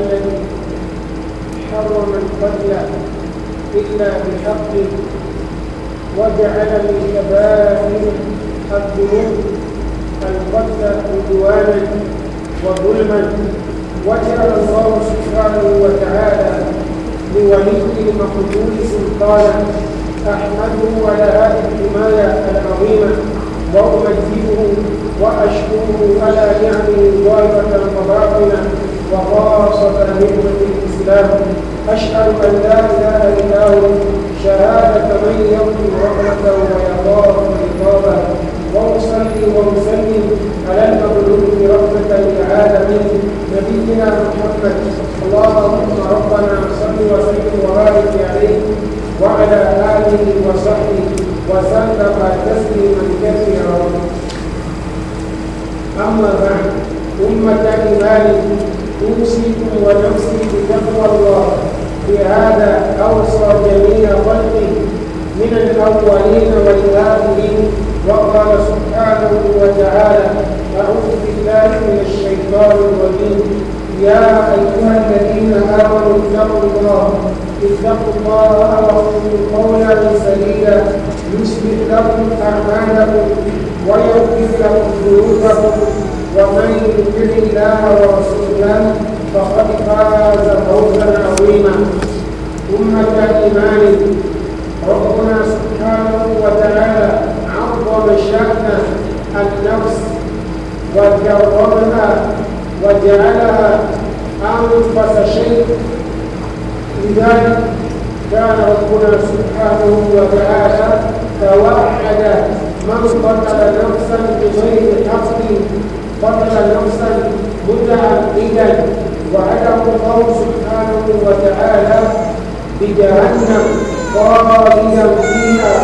الذي حرم القتل إلا بحقه وجعل من كبائر الذنوب القتل عدوانا وظلما وجعل الله سبحانه وتعالى لولي المقتول سلطانا أحمده على هذه الحماية العظيمة وأمجده وأشكره على نعمه الضائفه وباطنة وخاصة نعمة الإسلام أشهد أن لا إله إلا الله شهادة من يرضي رحمته ويخاف عقابه وأصلي وأسلم على المبعوث برحمة العالمين نبينا محمد اللهم ربنا صل وسلم وبارك عليه وعلى آله وصحبه وسلم تسليما كثيرا أما بعد أمة إيمان أوصيكم ونفسي بتقوى الله بهذا أوصى جميع خلقه من الأولين والآخرين وقال سبحانه وتعالى أعوذ بالله من الشيطان الرجيم يا أيها الذين آمنوا اتقوا الله اتقوا الله وقولوا قولا سديدا يصلح لكم أعمالكم ويغفر لكم ذنوبكم ومن يطع الله ورسوله فقد فاز فوزا عظيما أمة إيمان ربنا سبحانه وتعالى عظم شأن النفس وكرمها وجعلها أنفس شيء لذلك كان ربنا سبحانه وتعالى توحد من قتل نفسا بغير حق قتل نفسا متعمدا وعده الله سبحانه وتعالى بجهنم خالدا فيها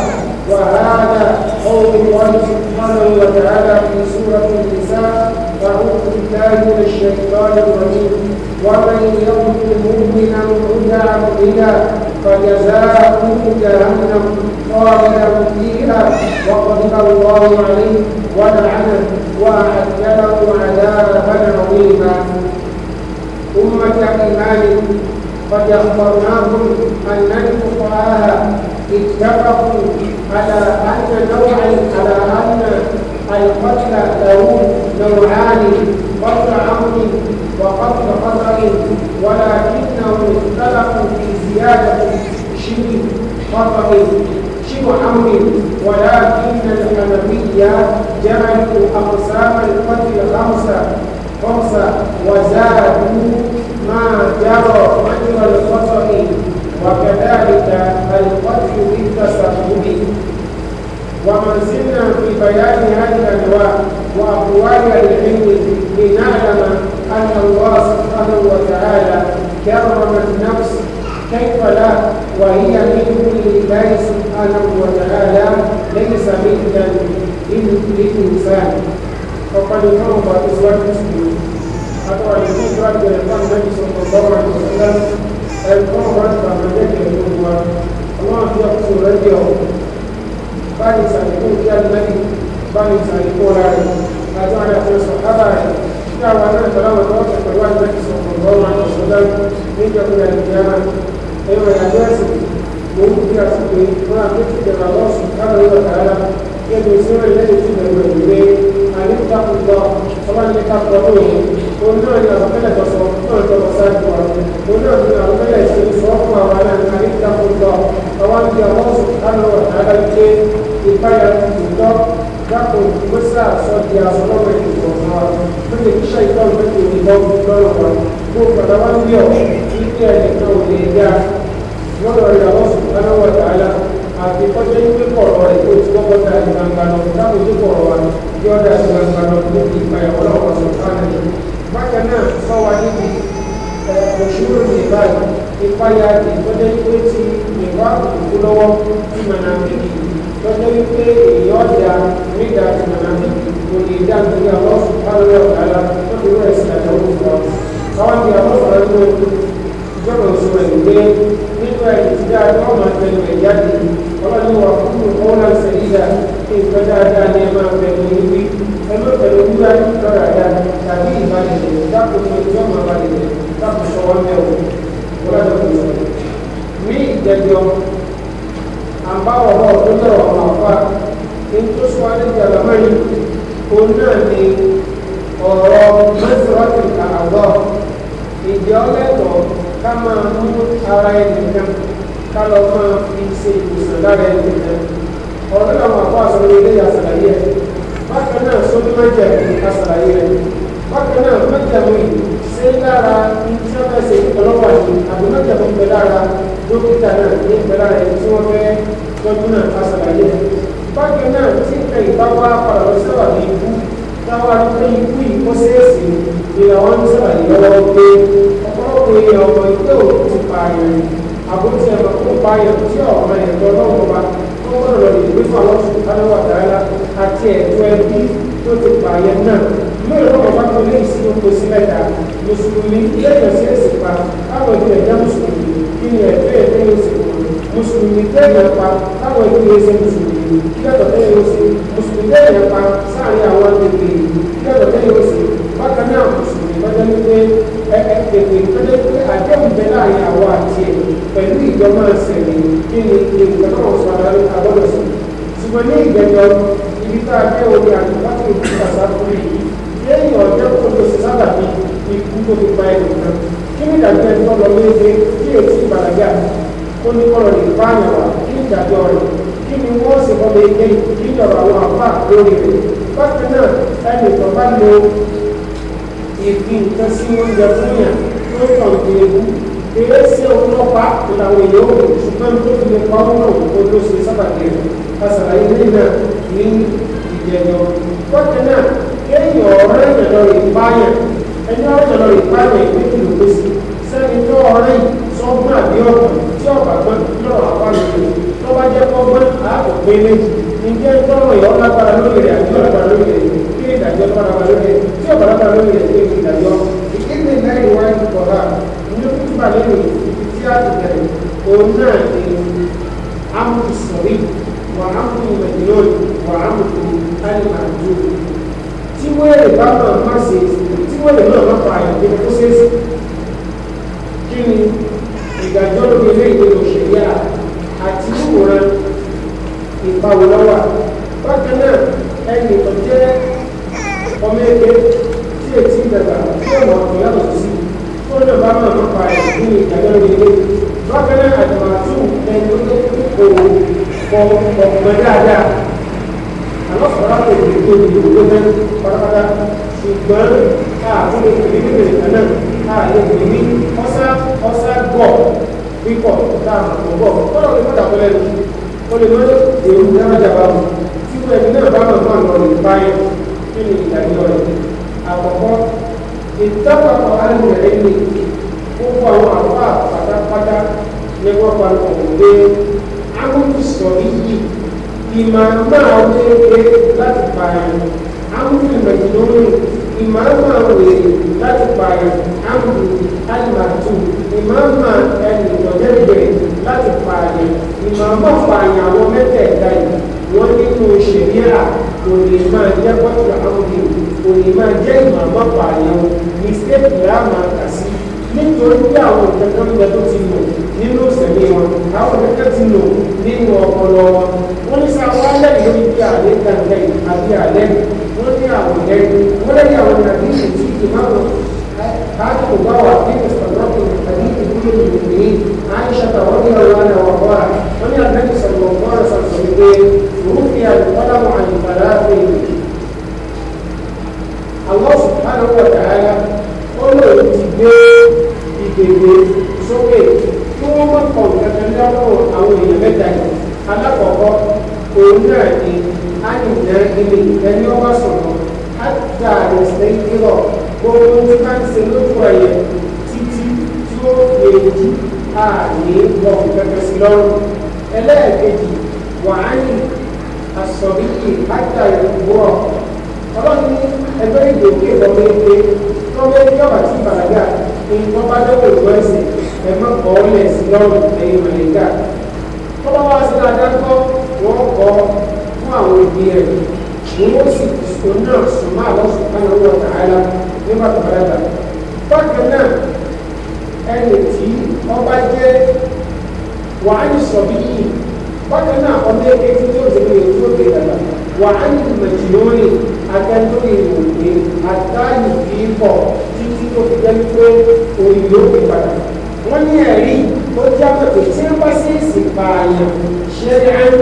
وهذا قول الله سبحانه وتعالى في سوره النساء اعوذ بالله من الشيطان الرجيم ومن يقتل مؤمنا متعمدا فجزاؤه جهنم قال له فيها وغضب الله عليه ولعنه واعد له عذابا عظيما أمة إيمان قد أخبرناكم أن الفقهاء اتفقوا على أن نوع على أن القتل له نوعان قتل عمد وقتل قدر ولكنهم اختلفوا في زيادة شبه خطأ شبه أمر ولكن الحنفية جعلوا أقسام القتل خمسة خمسة وزادوا ما جرى مجرى الخطأ وكذلك القتل بالتسبب وما زلنا في بيان هذه الأنواع وأقوال العلم لنعلم أن الله سبحانه وتعالى كرم النفس كيف لا وهي من لله سبحانه وتعالى ليس مدا للإنسان وقد فرض إسلام المسلمين أقرأ الإسلام يقول النبي صلى الله عليه وسلم القوم رجع من يده الأمة الله يقصد رجعه báyìí ìsàlẹ̀kùn kí alẹ́bí báyìí ìsàlẹ̀kùn ra rẹ̀ àti àwọn àfihàn sọ̀hábà rẹ̀ kí àwọn alẹ́bí tọ́lá wọn lọ́wọ́ tẹ̀pẹ̀lú àjẹ́kì sọ̀rọ̀ lọ́wọ́ àwọn ọ̀ṣọ́dá níjọba ìjọba ẹ̀rọ ìrìnàjò ẹ̀sìn mo ń fi àsìkò ìfúnra tó ti dẹ̀rọ àwọn ọ̀sùn káàrọ̀ ìwà tààrà kí ẹni ìṣòro lẹ́yìn tí ìbẹ̀rù rẹ̀ wé àníkàkùnkọ ọlọ́ni kápọ̀ lóye òun náà ni àwọn mẹ́lẹ̀ tọ̀sọ̀ náà tọ̀sọ̀ sáájú wa òun náà ni àwọn mẹ́lẹ̀ ṣe ìṣọ́kùn àwọn àníkàkùnkọ àwọn àti àwọn ọ̀sùn káàrọ̀ ìwà tààrà jẹ́ ìpáyà ìtọ́ dákò gbèsè àṣọ di àṣọlọ́wọ́ ìdìbò náà lóye kíṣà ìtọ́ ìgbẹ́kẹ̀ẹ́ ìbọn ìgbọ́rọ̀ wa gbogbo àdáwà ń bí ọ̀ṣun ẹnìkan ò lè yá lọ́dọ̀ rẹ̀ àwọn sùnkánná wọ̀ tààlà àti kọjá ìpè kọ̀ọ̀rọ̀ rẹ̀ tó ti kọ́kọ́ da ìgbàgbà lọ káàkó tó kọ̀ọ̀rọ̀ wa kí ọ̀dà ìgbàgbà lọ tó fi ìpayà ọlọ́wọ́ sùnkánná yìí. bákan náà sọ wa níbi òṣùwò ní ìbáyìí ìpayà àti kọjá ìpè ti ìwà òkú lọ́wọ́ tí màná bèbí kọjá ìpè èyí ọ̀dà nígbà tí màná bèbí kò lè dá nítorí àwọn sùnkánná wọ̀ tààlà tó pé nínú ẹ̀yìn tí dáadáa ọmọ ẹgbẹ̀rún ẹ̀ jáde ọlọ́run wà fún ọ̀nà sẹ̀yídà kí nǹkan dáadáa ní ẹ máa bẹ̀rù níbi ẹgbẹ́ pẹ̀lú wíwá lọ́ra dá tàbí ìbálẹ̀ dákòókò ẹjọ́ máa balẹ̀ dákòókò wọn bẹ̀rù ọlọ́run ní ìjẹjọ àbáwọ̀ náà tó lọ́rọ̀ ọmọ àpá ní tó sọ alẹ́jọ́ ká máa mú ara ẹnìkan ká lọ máa fi ṣe ìwòsàn lára ẹnìkan ọ̀rọ̀ náà máa kó àṣọ ilé àṣàlàyé ẹ̀ bákan náà sódú mẹ́jẹ̀ àṣàlàyé rẹ̀ bákan náà mẹ́jẹ̀ mi ṣe lára tí wọ́n fẹ́ ṣe ìpolówó àti àbí mẹ́jẹ̀ mi pẹ̀ lára dókítà náà ní pẹ̀ lára ẹni tí wọ́n fẹ́ tọ́jú náà àṣàlàyé ẹ̀ bákan náà tí nǹkan ìbáwá padà sábà ní ikú táwa ní ikú ìkọ́sẹ́ẹ̀sì ìlànà sábà ìlọ́wọ́ gbé ọkọ pe ọmọ ìtò ti pààyàn àbótí ẹ̀rọ kó pààyàn tí ọ̀rọ̀ ẹ̀rọ lọ́wọ́ wa tó gbọ́dọ̀ lọ ìwé fàlọ́sùn kánáwà dáadáa àti ẹ̀tọ́ ẹbí tó ti pààyàn náà lórí ọmọ bá tó lé ìsìn oko sí mẹ́ta mùsùlùmí lẹ́yìn sí ẹ̀sìn pa káwọn ìlú ẹ̀dá mùsùlùmí kí ni ẹ̀tọ́ ẹ̀dá yóò sì wọ̀ mùsùlùmí lẹ́yìn pa káwọn ìlú ẹ̀sìn mùsùlùmí kí ètò ìtọ́jọ́ pé àdéhùn bẹ láàrin àwọn àti ẹ̀ pẹ̀lú ìjọba ìṣẹ̀lẹ̀ kí ni nǹkan náà sọ adarí agbọ́dọ̀ sí ṣùgbọ́n ní ìgbẹ́jọ ibi tá a dé orí àti láti ìlú kàṣàkùnrin yìí lẹ́yìn ọjọ́ tó lọ sí sábà ní ikú tó fi pa ẹnì kan kí ni ìdájọ́ ẹni tó lọ léde kí èsì ìbàlágà ó ní kọ́lọ̀ lè bá àyàn kí ìdájọ́ rẹ̀ kí ni wọ́n sì kọ́ ìfi nǹkan sí oúnjẹ fún yàn tó tàn dé ewu èyí ṣe ọlọ́pàá ìlànà èèyàn òun ṣùgbọ́n tó fi lè pa ọ́n náà kó tó ṣe sábàdé rẹ̀ àṣàlàyé ilé náà ní ìjẹyọ. bọ́tẹ̀ náà kéèyàn ọ̀rẹ́ ìjọba ìpáyà ẹni ọ̀rẹ́ ìjọba ìpáyà ìpínlẹ̀ ìlúgbèsì sẹ́ni tó ọ̀rẹ́ sọ́gbọ́n àbí ọ̀gbọ̀n tí ọ̀gbàgbọ́n lọ́rọ̀ àwọn àgbègbè tó bá jẹ́ kọ́gbọ́n àbòpé méjì ǹjẹ́ tọ́rọ̀ ìyọ́ lágbára lórí rẹ̀ àbí ọ̀lágbára lórí rẹ̀ kí ìdájọ́ tọ́ra wà lórí rẹ̀ tí ọ̀pọ̀lọpọ̀ lórí rẹ̀ ṣe ìwé ìdájọ́ ìkéde mẹ́rin wá ní kọ̀ọ̀rá ní kúkúbà lórí ibi tí a ti bẹ̀rẹ̀ òun náà ni amúlù sọ̀rí wà amúlù mẹ̀lẹ́ọ̀lì wà amúlù alimadu tí wọ́n lè bá wọn má ṣe tí wọ́n lè náà má pa àyànjẹ kó ṣe é kí ni ìdájọ́ ọmọ ẹgbẹ́ tí ètí ìdàgbà tí ọmọ ọ̀tọ̀ yàtọ̀ sí tó lè bá mọ̀ nípa ẹ̀ ní ìdájọ́ ilé bákan náà àjọmọ̀ àtún ẹni tó kòwò kọ ọ̀pọ̀ dáadáa àmọ́ sọ̀rọ̀ àti èdè tó di ìlú lọ́fẹ́ pátápátá ṣùgbọ́n káàkó lè pè ní ìbèrè kan náà káàlè pè ní ọ̀sá ọ̀sá gọ̀ pípọ̀ táàmù ọ̀gọ̀ kọ́lọ̀ lè mọ̀dà pẹ́lẹ́ ní o lè mọ̀ èrò kí ni ìdájọ́ rẹ̀ àkọ́kọ́ ìtọ́kọ̀kọ̀ alùpùpù ní gbogbo àwọn àfáà pátápátá ní wọ́n pa ọ̀hún pé amúlù sọ yìí ìmàmá kéèké láti pààyàn amúlù mẹ̀tìlónì ìmàmá wèrè láti pààyàn amúlù alìmàtù ìmàmá ẹnì ọ̀dẹ́gbẹ̀rẹ̀ láti pààyàn ìmàmá pààyàn àwọn mẹ́tẹ̀ẹ̀ta yìí wọ́n nínú ṣẹ̀ríà òní máa jẹ́ bọ́tà áwùjọ òní máa jẹ́ ìmọ̀ àbọ̀pọ̀ àyàn ní stéèpù rà máa kà sí nítorí pé àwọn kankan bẹ tó ti lò nínú ìsẹ̀mí wọn àwọn kankan ti lò nínú ọpọlọ wọn wọn ní sáà wọn alẹ́ yìí bí àlẹ́ kankan àbí àlẹ́ wọn ní àwọn ọ̀rẹ́ wọn lẹ́yìn àwọn kàdí ìtì ìmáwọn káàdì kò bá wà nínú ìsọ̀rọ̀kù kàdí ìdúró ìrìnnì àìṣàtà wọn ní ọ̀rọ̀ àná wọn wọn ní ينفي الطلب عن منافع Allah subhanahu wa ta'ala ó lè ti gbé ìgbègbè sókè kí wọ́n má kọ̀ kankan lọ́wọ́ àwọn èèyàn mẹ́ta yìí alákọ̀ọ́kọ́ òun náà ni a nìyà ilé ẹni ọba sọ̀rọ̀ á dà rẹ̀ sẹ́yìn kílọ̀ gbogbo tí bá ń ṣe lójú ẹ̀yẹ títí tí ó fi èjì ààyè ọ̀fìn kankan sí lọ́rùn ẹlẹ́ẹ̀kejì wàá nìyà àsọ̀bíkì láti àyẹ̀wò ọ̀ ọlọ́run ní ẹgbẹ́ ìdè òkè lọ́mọ eke lọ́mọ eke ọ̀bà tí bàlágà ní wọ́n bá dẹ́wọ̀ ìlú ẹ̀sìn ẹ̀mọ́ kọ́ lẹ̀ sí lọ́rùn ẹ̀yìn mọ̀lẹ́gà wọ́n bá wá sí adákọ́ wọ́n kọ́ fún àwọn òbí rẹ̀ ni wọ́n sì sùn náà sùn máa lọ sùn ká lọ́wọ́ tààlà nígbà tó bákan náà ẹni tí ọba jẹ́ wàá ní sọ̀bí yìí bákan náà ọdún ẹgbẹ́ tí yóò dé ní ètò òde ìdàgbà wà á ní mẹ̀tìlónì akẹ́tọ́rì ìwòye àtàyè ìbọ̀ títí tó fi jẹ́ pé òyìn ló fi padà wọ́n ní ẹ̀rí tó jẹ́ pẹ̀lú tí wọ́n bá sì sì pààyàn ṣẹ́rí án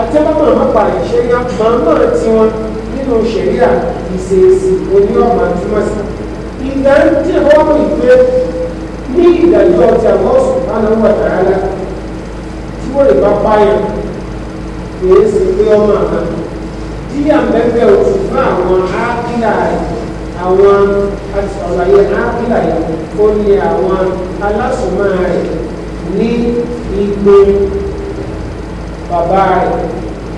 àti pààyàn ṣẹ́rí án màmá tiwọn nínú ṣẹ̀ríà ìṣèṣì oní ọmọ sí ìgbà ń dìbò ìgbé ní ìdájọ́ ti àwọn ọ̀sùn kó lè bá páyà kìí ṣe pé ọmọ àná díyà mẹ́fẹ́ o ti fún àwọn ákílà àwọn àṣàlàyé ákílà yìí ó ní àwọn alásùnmọ́ rẹ̀ ní ìgbé bàbá rẹ̀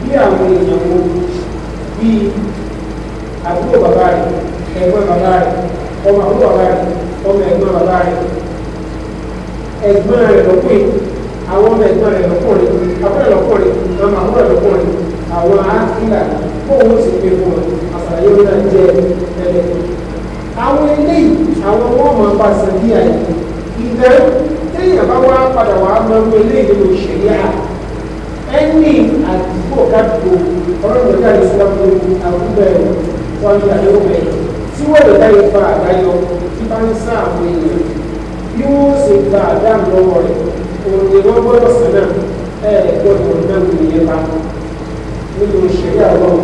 bí àwọn èèyàn wo bí àbúrò bàbá rẹ̀ ẹ̀gbọ́n bàbá rẹ̀ ọmọ àbúrò bàbá rẹ̀ ọmọ ẹ̀gbọ́n bàbá rẹ̀ ẹ̀gbọ́n rẹ̀ lọ́pẹ́ àwọn ọmọ ẹ̀gbọ́n rẹ̀ lọ́kùnrin àbúrò lọ́kùnrin ọmọ àbúrò lọ́kùnrin àwọn áfíríkà fóun sì pé fún ọ àṣàyẹ ó náà jẹ ẹlẹ. àwọn eléyìí àwọn wọn máa bá san bí àyè ìgbẹ́ téèyàn bá wá padà wá máa ń lo eléyìí nínú ìṣẹ̀lẹ̀ à ẹni àdúgbò káàdùgbò ọlọ́run ká lè síláàpù àbúgbò ẹ̀ wọ́n ní àdéhùn ẹ̀ tí wọ́n lè dá ipa àbáyọ tí bá ń sá àwọn èèyàn bí wọ́n sì gba àdáàmú lọ́wọ́ òye wọn gbọ́dọ̀ sánà ẹ gbọ́dọ̀ náà nìyẹn bá nínú ìṣẹ̀lẹ̀ àwọn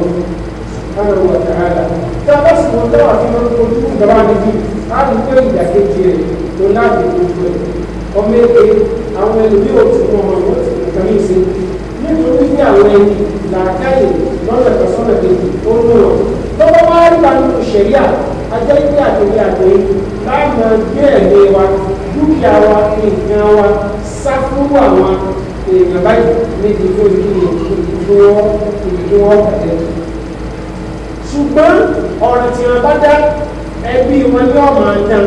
sùpánà wà tààlà tábà sì wọn dáwà tí wọn kó dúró ìjọba níbi láti gbé ìdàkejì rẹ tó láti gbogbo ẹ ọmọ èké àwọn ẹlòmíì ò tún wọn wọn ti nǹkan ní ìsìn nítorí ní àwọn ẹni làákàyè lọ́nà ìtọ́sọ́nà ó ń lọ tọ́wọ́ wá rí àwọn ìṣẹ̀lẹ̀ àjẹ́ ìgbé àtẹ̀lé àtẹ̀lé láàmú dúkìá wa nǹkan wa sá fún àwọn èèyàn báyìí níbi tó ní níbi tó wọ́n níbi tó wọ́n pàdé ṣùgbọ́n ọ̀rọ̀ tí wọ́n bá dá ẹbí wọn ní ọ̀mọ̀ àdán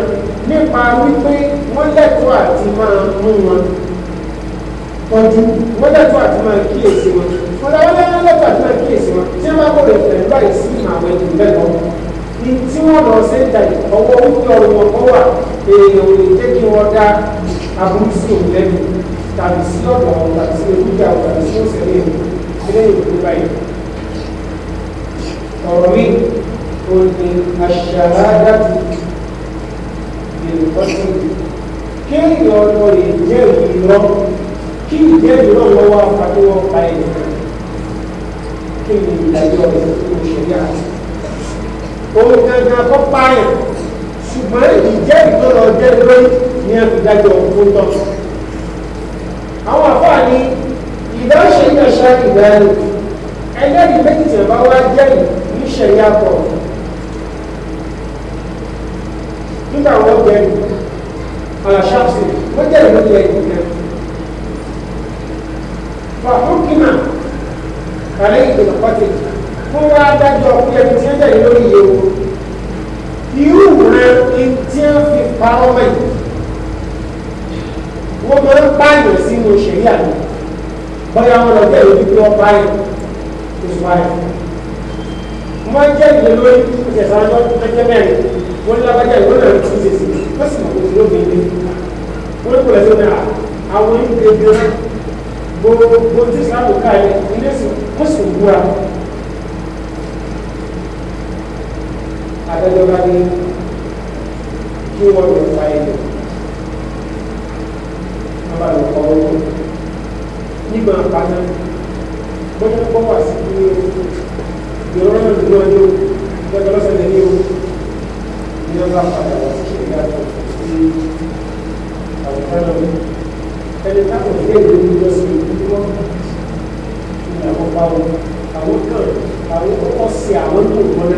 nípa wípé wọ́n lẹ́tọ̀ọ́ àti máa mú wọn tọ́jú wọ́n lẹ́tọ̀ọ́ àti máa kíyèsí wọn ọ̀dà wọn lẹ́tọ̀ọ́ àti máa kíyèsí wọn tí wọ́n bá kọ̀ lè fẹ̀ láì sí àwọn ẹni bẹ́ẹ̀ lọ́wọ́ ní tí wọ́n lọ sí ìjà ọwọ́ wípé ọ̀rọ̀ wọn wà èèyàn ò lè jẹ́ kí wọ́n dá aburú sí òun lẹ́nu tàbí sí ọ̀dọ̀ àwọn tàbí sí ojújà àwọn tàbí sí òsèlè ìlú ìlú báyìí. ọ̀rọ̀ mi ò ní aṣàládàtì ìrìnkọ́sí kéèyàn ọ̀dọ̀ lè jẹ́ ìrọ̀ kí ìjẹ́ ìrọ̀ lọ́wọ́ àfàdéwọ̀ pa ẹ̀yìn kí ni ìdájọ́ ìṣòro ìṣẹ̀lẹ̀ àti òun gangan kọ́ pààyàn ṣùgbọ́n ìjẹ́ ìgbọ́nà ọjọ́ lórí ní ẹ̀kúdájọ́ tó tọ́ àwọn àfáà ní ìdáṣe ìyànṣá ìdáyẹ̀wò ẹlẹ́rìí méjì tí bá wá jẹ́rìí níṣẹ́ yàtọ̀ nígbà wọ́n jẹ́rìí aláṣáṣe wọ́n jẹ́rìí ló jẹ́ ìdílé fàfúkìmà kàlẹ́ ìgbìmọ̀ pàtẹ́kì kó wá dájọ́ pé ẹni tí ó jẹ́ lórí iye o irú ìwòran tí ó fi pa ọmọ yìí wọ́n máa ń pààyàn sínú ìṣẹ̀lẹ̀ àná bóyá wọn lọ jẹ́ ìlú pé wọ́n pààyàn oṣù àyà wọ́n jẹ́ ìlú lórí ìṣẹ̀sán ọjọ́ pẹ́jẹ́ mẹ́rin wọ́n lábájá ìwọ́n náà tún ṣe sí wọ́n sì kò tún lóbi ilé wọ́n kò lẹ́sọ̀ náà àwọn onígbègbè gbogbo tí ìsìlámù káyẹ ilé sì wọ́n sì wúra adájọ́ bá ní kí wọ́n lọ fa ẹ̀yọ̀ wọ́n bá lọ kọ́ owó nígbà paná bóyá kọ́ wà sí ní ìrọ̀rùn náà dúró ní o lọ́jọ́ lọ́sẹ̀ ní o ní wọ́n bá padà wá sí ìdájọ́ sí àwùjọ náà ẹni táwọn ìdílé ìlú ní lọ sí ìlú wọn ní àwọn bá wọn àwọn kan àwọn kọ́kọ́ sí àwọn tó wọn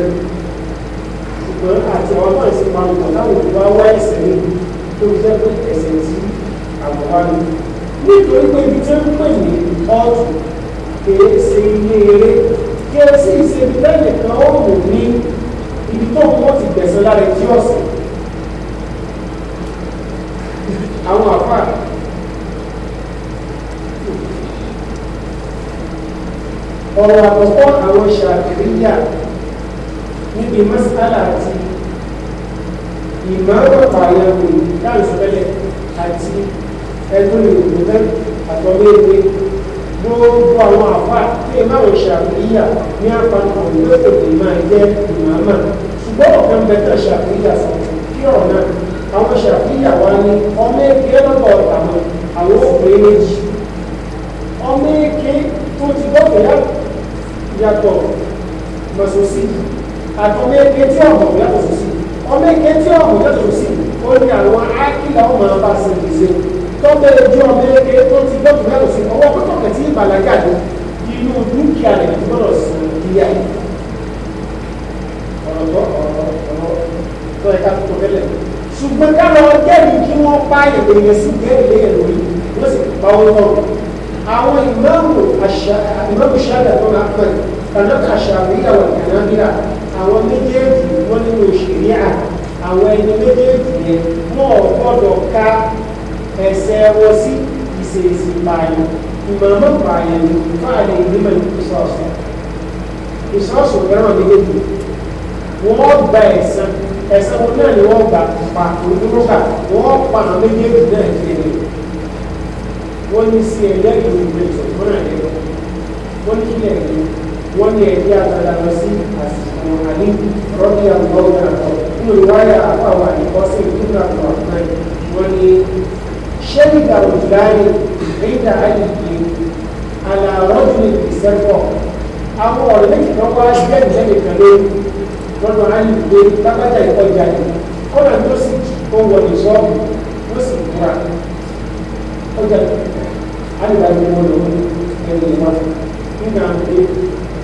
ṣùgbọ́n àti àwọn náà máa ń láwọn òkú wá ẹ̀sẹ̀ ní tó jẹ́ pé ẹ̀sẹ̀ tí àbọ̀wá ni nítorí pé ibi tí ó ń pè ní ọ̀tún kìí ṣe ilé eré kí ẹ sì ṣe ibi kan ó wò ní ibi tó wọ́n ti gbẹ̀sẹ̀ lára ẹjí ọ̀sẹ̀ àwọn àfáà ọ̀rọ̀ àkọ́kọ́ àwọn ṣàkìríyà níbi mọ́sálà àti ìmọ̀ọ́rọ̀pọ̀ àyẹ̀wò dáńsọ́lẹ̀ àti ẹgbẹ́ ìròyìn àtọ́lé ìwé gbogbo àwọn àfà tí ẹ máa ń ṣàkóyà ní àpapọ̀ ìlọ́tò tó máa jẹ́ ìmọ̀ọ́mà ṣùgbọ́n ọ̀kan bẹ́tà ṣàkóyà sí kí ọ̀rọ̀ náà àwọn ṣàkóyà wa ní ọmọ ẹgbẹ́ lọ́pọ̀ àwọn àwọn òpin méjì ọmọ ẹgbẹ́ tó ti dọ́kọ̀ yàtọ̀ lọ́sọ̀ọ́sì yìí àtọ́mọ eke tí ọ̀mọ̀ yàtọ̀ sí sí ọmọ eke tí ọ̀mọ̀ yàtọ̀ sí ó ní àwọn ákìlà ọmọ bá ṣe ìṣe tọ́mọ ojú ọmọ eke tó ti gbọ́dọ̀ yàtọ̀ sí ọwọ́ pẹ́tọ́kẹ̀ tí ìbàlágà ni inú dúkìá rẹ̀ ti gbọ́dọ̀ sí ilé ayé ọ̀rọ̀ tó ọ̀rọ̀ ọ̀rọ̀ tó ẹ̀ka tó tọ́lẹ̀ ṣùgbọ́n káwọn jẹ́bi kí wọ́n pa ìròyìn sí gẹ́gẹ́ lórí wọ́n sì pa owó náà àwọn ìmáàmù àṣà ìmáàmù ṣáàdà tó máa pẹ̀ kànáà kàṣà àbíyàwó ìyànnábíyà àwọn méjèèjì wọ́n nínú ṣẹ̀ríà àwọn ẹni méjèèjì yẹn wọ́n gbọ́dọ̀ ka ẹsẹ̀ wọ́n sí ìṣèṣì pààyàn ìmọ̀ọ́mọ́ pààyàn ní fáàlì ìgbìmọ̀ ìṣọ́ọ̀ṣù ìṣọ́ọ̀ṣù fẹ́ràn méjèèjì wọ́n gba ẹ̀sán ẹ̀sán wọn náà ni wọ́n gbà pa òdúrókà wọ́n pa àwọn méjèèjì náà kiri wọ́n ní sí ẹ̀lẹ́gbẹ̀rún ìgbésọ̀ wọ́n náà lẹ́yìn wọ́n ní kílẹ̀ ẹ̀yìn wọ́n ní ẹ̀dí àgbàlá lọ sí àsìkò àní rọ́bì àgbọ̀gbà àgbọ̀ nínú ìwáyà àpáwà ìkọ́sí ìdúrà àgbọ̀ àgbọ̀ wọ́n ní ṣé ìgbà òjìláyé ìgbà àyíké alàrọ́jù ìsẹ́fọ̀ àwọn ọ̀rẹ́ méjì kan wá sílẹ̀ ìjẹ́lẹ̀ kan lé lọ́dọ̀ àyíké lápájà ìkọjà yìí kọ́nà tó sì ó wọ̀ ní sọ́ọ̀bù ó sì múra ó jẹ́ àyíká ìwọ̀n lòún ẹni ìwọ̀n nígbà àgbẹ̀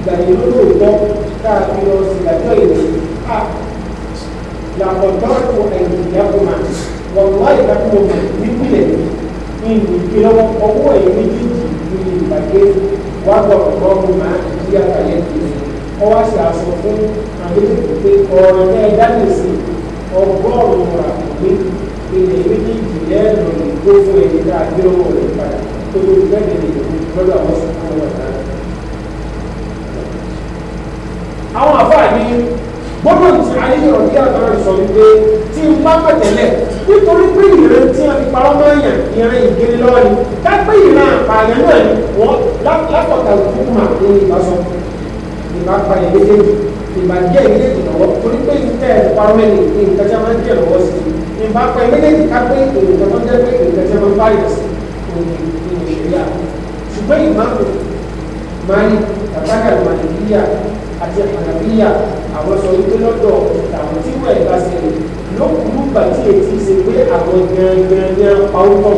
ìgbà yìí ló lò gbọ́ káàkiri lọ sí ìdájọ́ ìlú a làkọ̀dọ́rù ẹ̀yìn ìyàgòmà wọ́n wá ìdákùnmọ̀ nípìnlẹ̀ ní ìgbìlọ́wọ́ ọwọ́ ẹ̀yìn méjèèjì ní ìbàjẹ́ wà gbọ́dọ̀ gbọ́dọ̀ máa di àbàyẹ́ tìlẹ̀ ọwọ́ àti àṣọ fún àwọn ìpè ọ̀rọ̀ ní ẹ̀dá lèsì ọgọ́rùn-ún àkùnrin ilẹ̀ méjèèjì lẹ́ẹ̀rọ̀ ìgbó fún ẹ̀yìn dáadé owó rẹ̀ padà tó lórí bẹ́ẹ̀ àwọn àfáà ní gbọ́dọ̀ tí ayélujára bí àgbára sọ wípé tí n bá pẹ̀ tẹ́lẹ̀ nítorí pé ìran tí a fi parọ́ máa yàn ìran ìgbéni lọ́wọ́ ni dápẹ́ ìran àpààyàn náà ni wọ́n lápọ̀tà òkú máa ń ìbá sọ ìbá pa ẹ̀ méjèèjì ìbá jẹ́ méjèèjì lọ́wọ́ torí pé ìtẹ́ ẹ̀ parọ́ mẹ́ni ní nǹkan tí a máa ń jẹ́ lọ́wọ́ sí i ìbá pa ẹ̀ méjèèjì kápẹ́ ìròyìn tó jẹ́ pé nǹkan tí a máa ń báyọ̀ kàtàkà màlìbíyà àti ànàbíyà àwọn sọ wípé lọ́dọ̀ àwọn tí wọ́n ẹ̀ bá ṣe lókùnrùgbà tí èyí ṣe pé àwọn gangan ní apáwọ́pọ̀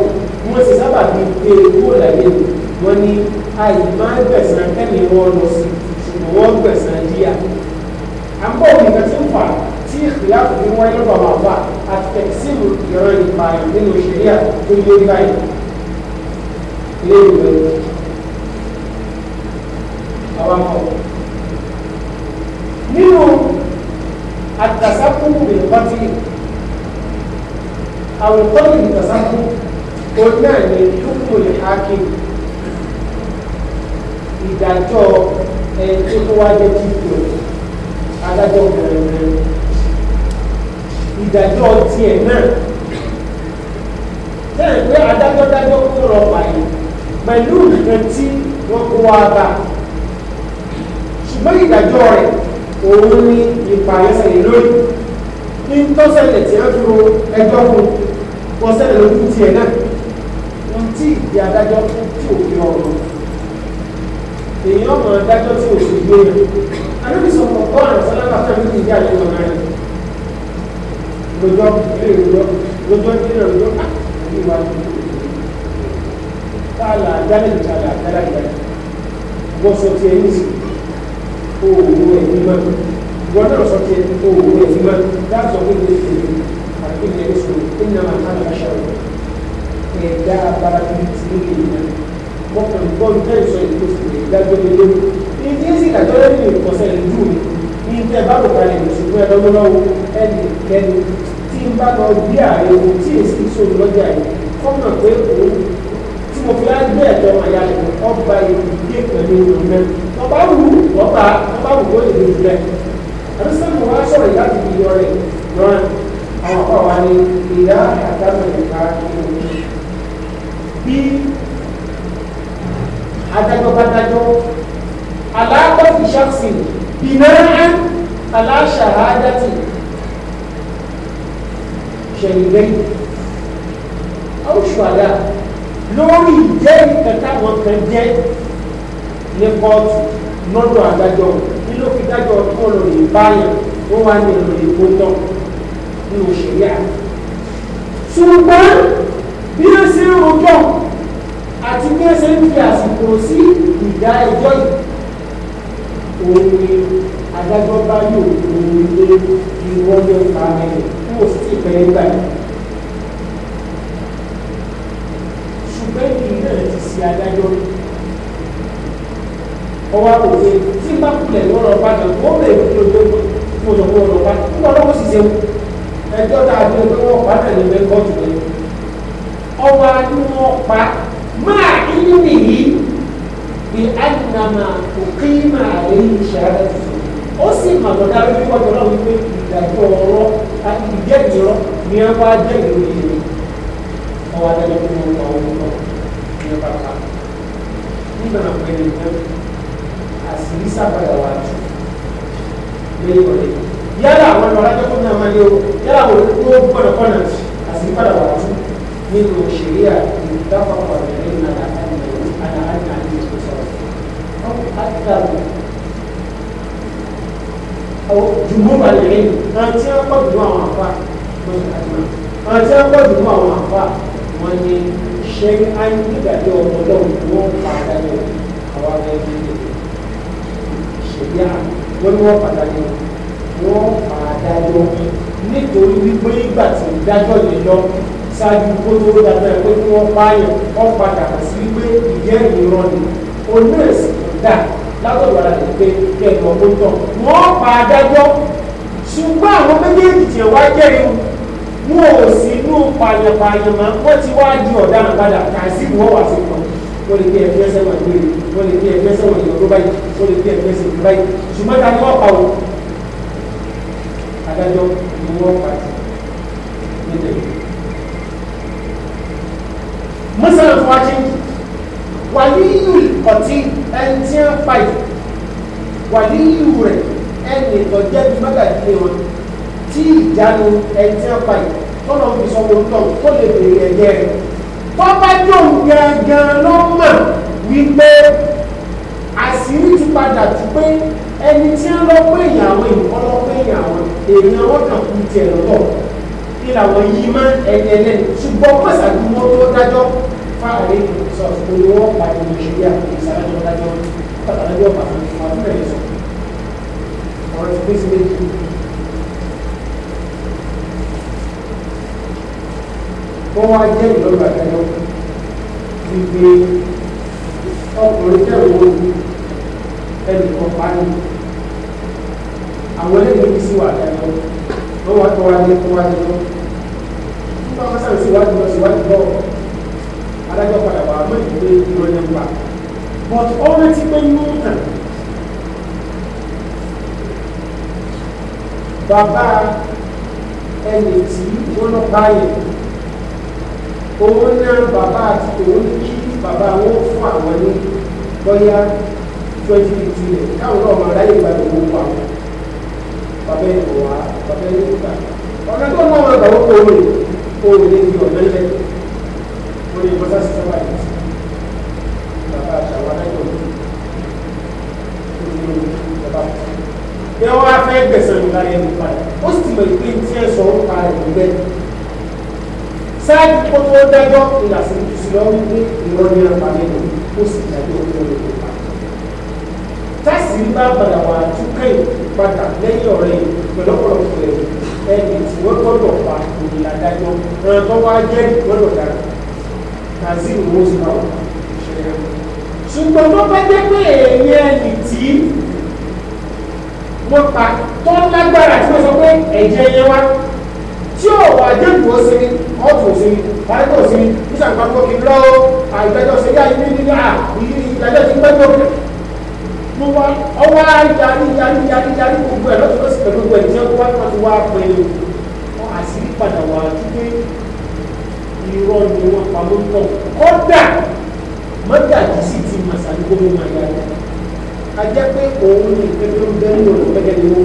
wọ́n ti sábà bí pé owó làyè wọ́n ni àì máa gbẹ̀sán kẹ́mi wọn lọ sí ṣùgbọ́n wọ́n gbẹ̀sán díà. àbọ̀ nìkan ti ń fà tí ìyá òfin wáyé lọ́dọ̀ àwọn àbá àtẹ̀síwò ìran ìpààyàn nínú ìṣẹ̀lẹ̀ tó yé báyìí wá kọ́ nínú àdàsákùn ìrìnkọ́tì àwòkọ́ ìdàsákùn òun náà ní dúkùn ìhákì ìdájọ́ ẹni tí ó wá jẹ́ títò adájọ́ obìnrin ìdájọ́ tiẹ̀ náà tẹ́lẹ̀ pé adájọ́ dájọ́ kúrò ọ̀pá yìí pẹ̀lú nǹkan tí kó wá bá a ṣùgbọ́n ìdájọ́ rẹ̀ òun ni ìpààyànsẹ̀lẹ̀ lórí ní tọ́sẹ̀lẹ̀ tí a dúró ẹjọ́ fún wọn sẹ́lẹ̀ ló kú tiẹ̀ náà wọn tí ìdí adájọ́ tí ò fi ọ̀rọ̀ èèyàn mọ̀ adájọ́ tí ò sì gbé rẹ̀ anábìsọ̀ kọ̀ọ̀kọ́ àrùn sálábà fẹ́ mi ìdí àyè ọ̀nà rẹ̀ lójọ́ ilé ìrọ̀jọ́ lójọ́ ilé ìrọ̀jọ́ ah, àti ìwà tààlà àjálẹ̀ ìjàlẹ̀ àjálẹ̀ ìjàlẹ̀ bọ́sọ̀ tí ẹni sì òwò ẹ̀mí mọ́ wọn náà sọ pé òwò ẹ̀mí mọ́ dáàtọ̀ pé ní èdè àti ní èso ìnà àtàlà aṣáwó ẹ̀dá abala tó ti ní èyí náà wọ́n kàn gbọ́ nípa ìsọ ìdíkò sí ilé ìdájọ́ ilé ìdí sí ìdájọ́ lẹ́nu ìkọ̀sẹ̀ ìlú mi ní tẹ́ bá bò kalẹ̀ ìṣubú ẹ lọ́wọ́lọ́wọ́ ẹnì kẹ́ni tí ń bá lọ bí ààrẹ ohun tí èsì ìṣòro lọ́jà yìí kọ́nà pé òun tí mo fi á gbé ẹ̀tọ́ àyà rẹ̀ ọgbà ìdílé pẹ̀lú ìrọ̀lẹ́nu wọ́n bá wù ú wọ́n bá wọ́n bá wù ú lè dùn bẹ́ẹ̀ àbísọ́nù wọn á sọ̀rọ̀ ìyá àti ìyọ rẹ̀ lọ́rẹ̀ àwọn ọ̀pá wa ní ìyá àdámọ̀ ìka bí adájọ́ bá dájọ́ aláàbọ̀ fi ṣáàsì bìnnáà aláṣàhádàtì ṣẹ̀yìnlẹ́yìn ọ̀ṣùwàdà lórí ìjẹ́ ìkẹta wọn kan jẹ́ ní kóòtù lọ́dọ̀ adájọ́ kí ló fi dájọ́ tó lọ lè báyà ó wà ní ìlú èkó tán ní òṣèré à. ṣùgbọ́n bí ó ṣe ń rojọ́ àti bí ó ṣe ń fi àsìkò sí ìdá ẹjọ́ yìí òun ni adájọ́ bá yóò fún un lé ìwọ́n ní ọ̀pá ẹ̀ kí ó sì ti bẹ̀rẹ̀ gbà yìí. ṣùgbọ́n ìdí náà ti ṣe adájọ́ yìí ọwọ́ àwòrán tí bá kulẹ̀ lọ́rọ̀ bá jọ ó lè fi ojú fún ọ̀rọ̀ bá nígbà lọ́wọ́ sì ṣeun ẹjọ́ dáa ẹgbẹ́ wọn pa náà lè fẹ́ kọ́ jù lẹ́yìn ọba ni wọn pa máa inú nìyí bí ànàmà òkè máa rí ìṣàrẹ́ ó sì mà lọ́dá lórí ọjọ́ náà wípé ìdájọ́ ọ̀rọ̀ ìjẹ́ ìrọ̀ ni ẹ wá jẹ́ ìrọ̀ yìí ọwọ́ adájọ́ fún ọmọ ọmọ náà ní ẹ bá ta nígbà náà pẹ̀lú ìjẹ́ àṣírí sábàdà wà jù lórí ọ̀rẹ́ yálà àwọn ọmọ alájọ kó náà máa yẹ o yálà àwọn olùkúrò gbọ́dọ̀ kọ́nà àṣírí padà wà jù nínú òṣèré àìdáfàpọ̀ àgbẹ̀rẹ̀ ìlànà àdáyé àdáyé àdáyé ìṣòro àdáyé jùmọ̀ balẹ̀ náà tí wọ́n pọ̀ jù àwọn àfa wọn ni àjùmọ̀ àwọn tí wọ́n pọ̀ jù àwọn àfa wọn ni ṣe àìnígbàdé ọmọdé òun wọn pa àdáyé òun ṣèyá wọ́n ní wọ́n pàtàkì wọ́n máa dájọ́ nítorí wípé ìgbà tí dájọ́ yẹn lọ ṣáájú kó tó dájọ́ yẹn pé kí wọ́n pààyàn wọ́n padà sí pé ìyẹ́ ìran ni onírèsì dà látọ̀dọ̀ ara rẹ̀ pé kẹ́kọ̀ọ́ ó tàn wọ́n pa adájọ́ ṣùgbọ́n àwọn méjèèjì tiẹ̀ wá jẹ́rìí wọn ò sí inú pààyàn pààyàn mọ́ wọ́n ti wá di ọ̀daràn padà kà ìwọ́wà sí kan wọ́n lè gbé ẹgbẹ́ sẹ́wọ̀n ìgbèrè wọ́n lè gbé ẹgbẹ́ sẹ́wọ̀n ìyọ̀dọ́ báyìí wọ́n lè gbé ẹgbẹ́ sẹ́wọ̀n ìgbèrè báyìí ṣùgbọ́n ta ni wọ́n pa o adájọ́ ni wọ́n pa ti níbẹ̀. mọ́sálà fún wa ṣe wà níyù ọtí ẹni tí wọ́n pa yìí wà níyù rẹ̀ ẹni ìtọ́jẹ́ bí mọ́gàdínlẹ̀ wọn tí ìjánu ẹni tí wọ́n pa yìí tọ́lọ́ fi sọ wọ́n bá dùn gangan ló mọ̀ wípé àṣírí ti padà ti pé ẹni tí ń lọ pé ìyàwó ìkọ́ lọ pé ìyàwó èèyàn wọn kàn kú tiẹ̀ kí làwọn yìí máa ń ẹni ẹlẹ́ni ṣùgbọ́n pàṣàdù wọn tó dájọ́ fáàrí sọ̀tún ni wọ́n pa ìlú nàìjíríà ìsàlẹ̀ tó dájọ́ pàtàkì fún ìfọ̀dún ẹ̀yẹ sọ̀tún ọ̀rọ̀ ìfúnṣẹ́ méjì kó wá jẹ́ ìlọ́gbà tẹ́lọ́ ti gbé ọkùnrin tẹ̀wọ́ ẹnìkan parí àwọn ẹlẹ́gbẹ̀ẹ́ ti sí wà tẹ́lọ́ wọ́n wá tó wá jẹ́ tó wá jẹ́ lọ. nígbà wọn sàn síwájú lọ síwájú lọ adájọ́ padà wà á mọ̀tò pé ìrọ̀ ní pa but ọ̀rẹ́ ti pé yóò tàn. bàbá ẹnì tí wọ́n lọ báyìí òun ná bàbá àti òun kí bàbá wọn fún àwọn ní bóyá twenty fifty rẹ̀ káwọn náà máa ráyè gba ìwé owó àwọn bàbá ìwọ̀ wá bàbá ìwọ̀ gbà ọ̀nà tó náà wọn gbàgbọ́ pé òun òun lè di ọ̀nà ilẹ̀ wọn ni bọ́sà sí sábà yìí sí bàbá àtàwọn adájọ́ òun bàbá bí wọ́n wá fẹ́ gbẹ̀sán ìlànà ẹ̀mí padà ó sì ti mọ̀ ìpín tí ẹ̀ sọ̀rọ̀ pa ìgbẹ́ sáájú kó tó dájọ́ ìyàsí ti sì lọ wípé ìrọ̀ ní ọ̀pá nínú ó para dájọ́ orí orí tó pa. tásì ń bá padà wà túkẹ́ ìpadà lẹ́yìn ọ̀rẹ́ pẹ̀lọ́pọ̀lọpọ̀ rẹ̀ ẹni tí wọ́n gbọ́dọ̀ pa òmìnira dájọ́ ẹran tó é jẹ́ gbọ́dọ̀ dára kazeem rose náà ṣẹlẹ̀ ṣùgbọ́n tó bá jẹ́ pé èèyàn ẹni tí wọ́n pa tó lágbára tí wọ́n sọ pé ẹ̀jẹ̀ yẹn wá tí ò wá dé ìwọ́sẹ̀ kóòtù sí báyìí sí bísà ìpapò kì í lọ àìgbẹ́jọ́ sí yá ibi nínú à ìdájọ́ ti gbẹ́jọ́ mo wá ọwọ́ yarí yarí yarí yarí gbogbo ẹ̀ lọ́tún lọ́sí pẹ̀lú gbogbo ẹ̀ jẹ́ wá wọ́n ti wá pé wọ́n àṣírí padà wà dúdé irọ́ ni wọ́n pa mọ́ tọ̀ kọ́dà mọ́gàjì sì ti mà sàdúgbò mi máa yára a jẹ́ pé òun ní ìpẹ́jọ́ bẹ́ẹ̀ ní òun pẹ́jẹ́ ni ó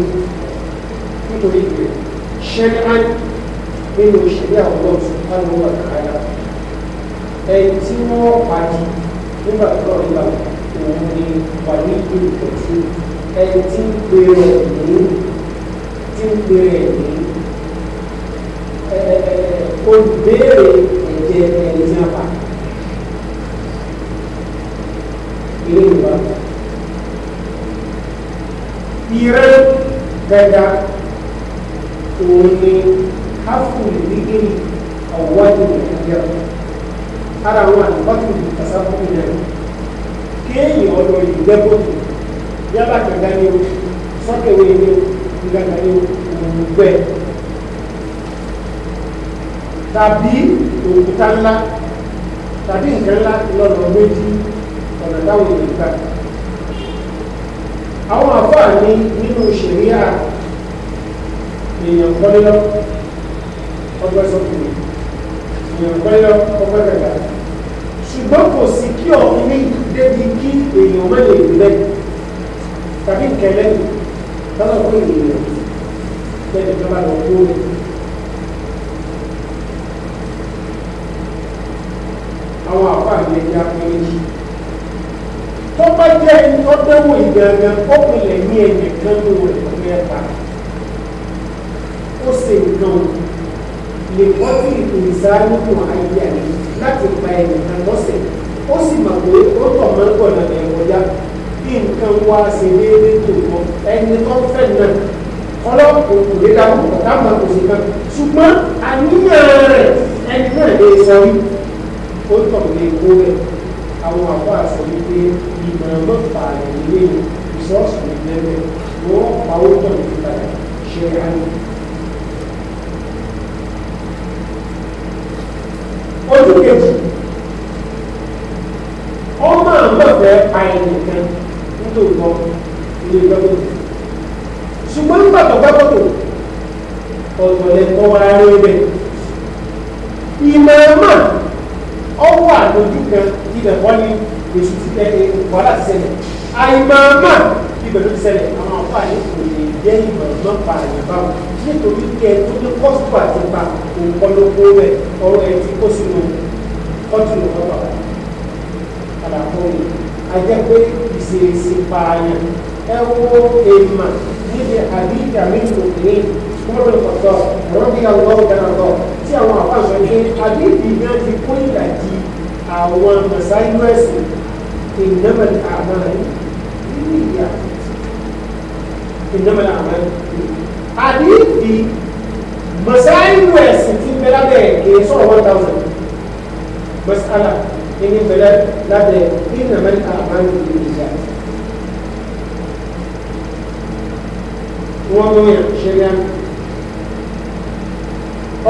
nítorí ìpè ṣẹ́ni á nínú ìṣẹ̀lẹ̀ àwọn ọlọ́run kánú wà kára ẹni tí wọ́n pàdé nígbà tó ìgbà òun ni wà ní ìlú pẹ̀tù ẹni tí ń pe rẹ̀ ní tí ń pe rẹ̀ ní olùbéèrè ẹ̀jẹ̀ ẹni tí a pa ilé ìwà ìrẹ́ gẹ́gẹ́ òun ni. حفظ المئن أو واجب الحجر ara àwọn àlùbọ́tò ìtàsáfún ilẹ̀ kéèyàn ọ̀rọ̀ ìgbẹ́bọ̀tò yálà gàgà ni o sọ́kẹ̀wé ni o gàgà ni o òun gbẹ tàbí òkúta ńlá tàbí nǹkan ńlá lọ́nà méjì ọ̀nà táwọn èèyàn gbà. àwọn àfáà ní nínú ṣẹ̀ríà èèyàn kọ́lé lọ́wọ́ ọgbẹ́ sọ́kùnrin èèyàn gbẹ́yọ ọgbẹ́ kẹta ṣùgbọ́n kò sí kí ọ̀hún ní débi kí èèyàn má lè rí lẹ́yìn tàbí kẹlẹ́ lọ́nà fún èèyàn lẹ́yìn tó bá lọ kú ó àwọn àpá àmì ẹja péréjì tó bá jẹ́ ọdẹ́wò ìgbẹ̀ngàn ó pinlẹ̀ ní ẹ̀yìn kan ló rẹ̀ pẹ̀lú ẹ̀ta ó ṣe nǹkan òkú lè bọ́tì ìpèsàánú fún ayé àná láti pa ẹnìkan lọ́sẹ̀ ó sì mà pé ó tọ̀ máa ń bọ̀ lọ́nà ẹ̀wọ̀já bí nǹkan wá ṣe déédéé tó mọ ẹni tó ń fẹ́ náà ọlọ́pàá kò lè dá ọkọ̀ táwọn kò sí kan ṣùgbọ́n àníyàn rẹ̀ ẹni náà lè sáré ó tọ̀ lè wó rẹ̀ àwọn àpá àṣẹ wípé ìmọ̀ràn mọ́fà àyè ilé ìṣọ́ọ̀ṣì lè bẹ̀rẹ̀ wọ́n pa ó tọ̀ lè padà ṣe àyè. ojú kejì ó máa ń gbọ̀fẹ́ àìnìkan nítorí wọn ilé ìjọba ṣùgbọ́n nígbà tó bá gbọ́dọ̀ ọ̀dọ̀ yẹn kọ́ wá rí ibẹ̀ ìmọ̀ọ́mọ̀ ọwọ́ àlójú kan ibẹ̀ wọ́n ní èsù ti tẹ́ ẹ wàhálà ti ṣẹlẹ̀ àìmọ̀ọ́mọ̀ ibẹ̀ ló ti ṣẹlẹ̀ àwọn àfọ àyè kò ǹjẹ́ ìmọ̀ ìmọ̀ pa àyàn bá wọn nítorí kí ẹ tó ní kọ́sùpù àti pa òǹkọlọ́gbọ́ rẹ̀ ọ̀rọ̀ ẹ ti kó sínú kọ́tùnù ọ̀pá àdàpọ̀ rẹ̀ ajẹ́ pé ìṣèṣì pa àyàn ẹ wo èèmà níbi àdíjà mẹ́rin òkèèrè kọ́mọ́tò kọ̀tọ̀ rọ́bì àwọn ọ̀dàrọ̀ tí àwọn àpàṣọ pé àdíjì náà ti kó ìdajì àwọn mọ̀sáyúẹ̀sì ìnáwó àmọ́ rẹ̀ nínú ìyá ìnáwó àwọn àdìsí mọ̀sáì wẹ̀sì ti bẹ lábẹ́ kìí sọ̀rọ̀ one thousand mọ̀sálà ẹni bẹ lábẹ́ ìnáwó àwọn ìdíjà. wọ́n mú yàn ṣe ní àná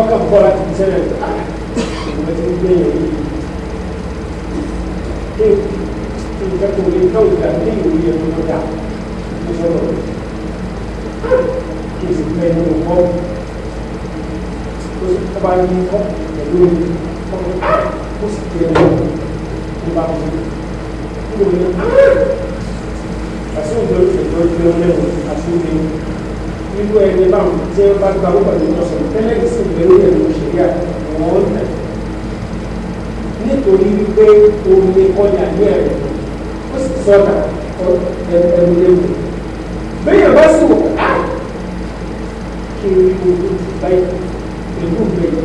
ọkọ̀ bọ́ láti fi sẹ́yìn ẹ̀ ah ìgbà tí ó gbé yẹn yìí kí nǹkan kò lè káwé kí n sì fún ẹni ọkọ tó sì tó bá ní ọkọ pẹ̀lú ọkọ tó sì tẹ ọkọ tó bá wọn kí ló ní àti òjò ìṣèjọ ìgbé ọlẹ́wọ̀n àti ìgbé nínú ẹni báwọn tí ó bá gba ọgbà nínú ọ̀sán tẹ́lẹ̀ sí ìgbéró ẹ̀rọ ìṣẹ̀lẹ̀ àwọn ọ̀nà nítorí wípé omi kọ́ni àní ẹ̀rọ ó sì sọ́ta ẹ̀rọ ẹ̀rọ bẹ́ẹ̀ bá sì wọ̀ á kiri gbogbo ti báyìí pẹ̀lú bẹ́ẹ̀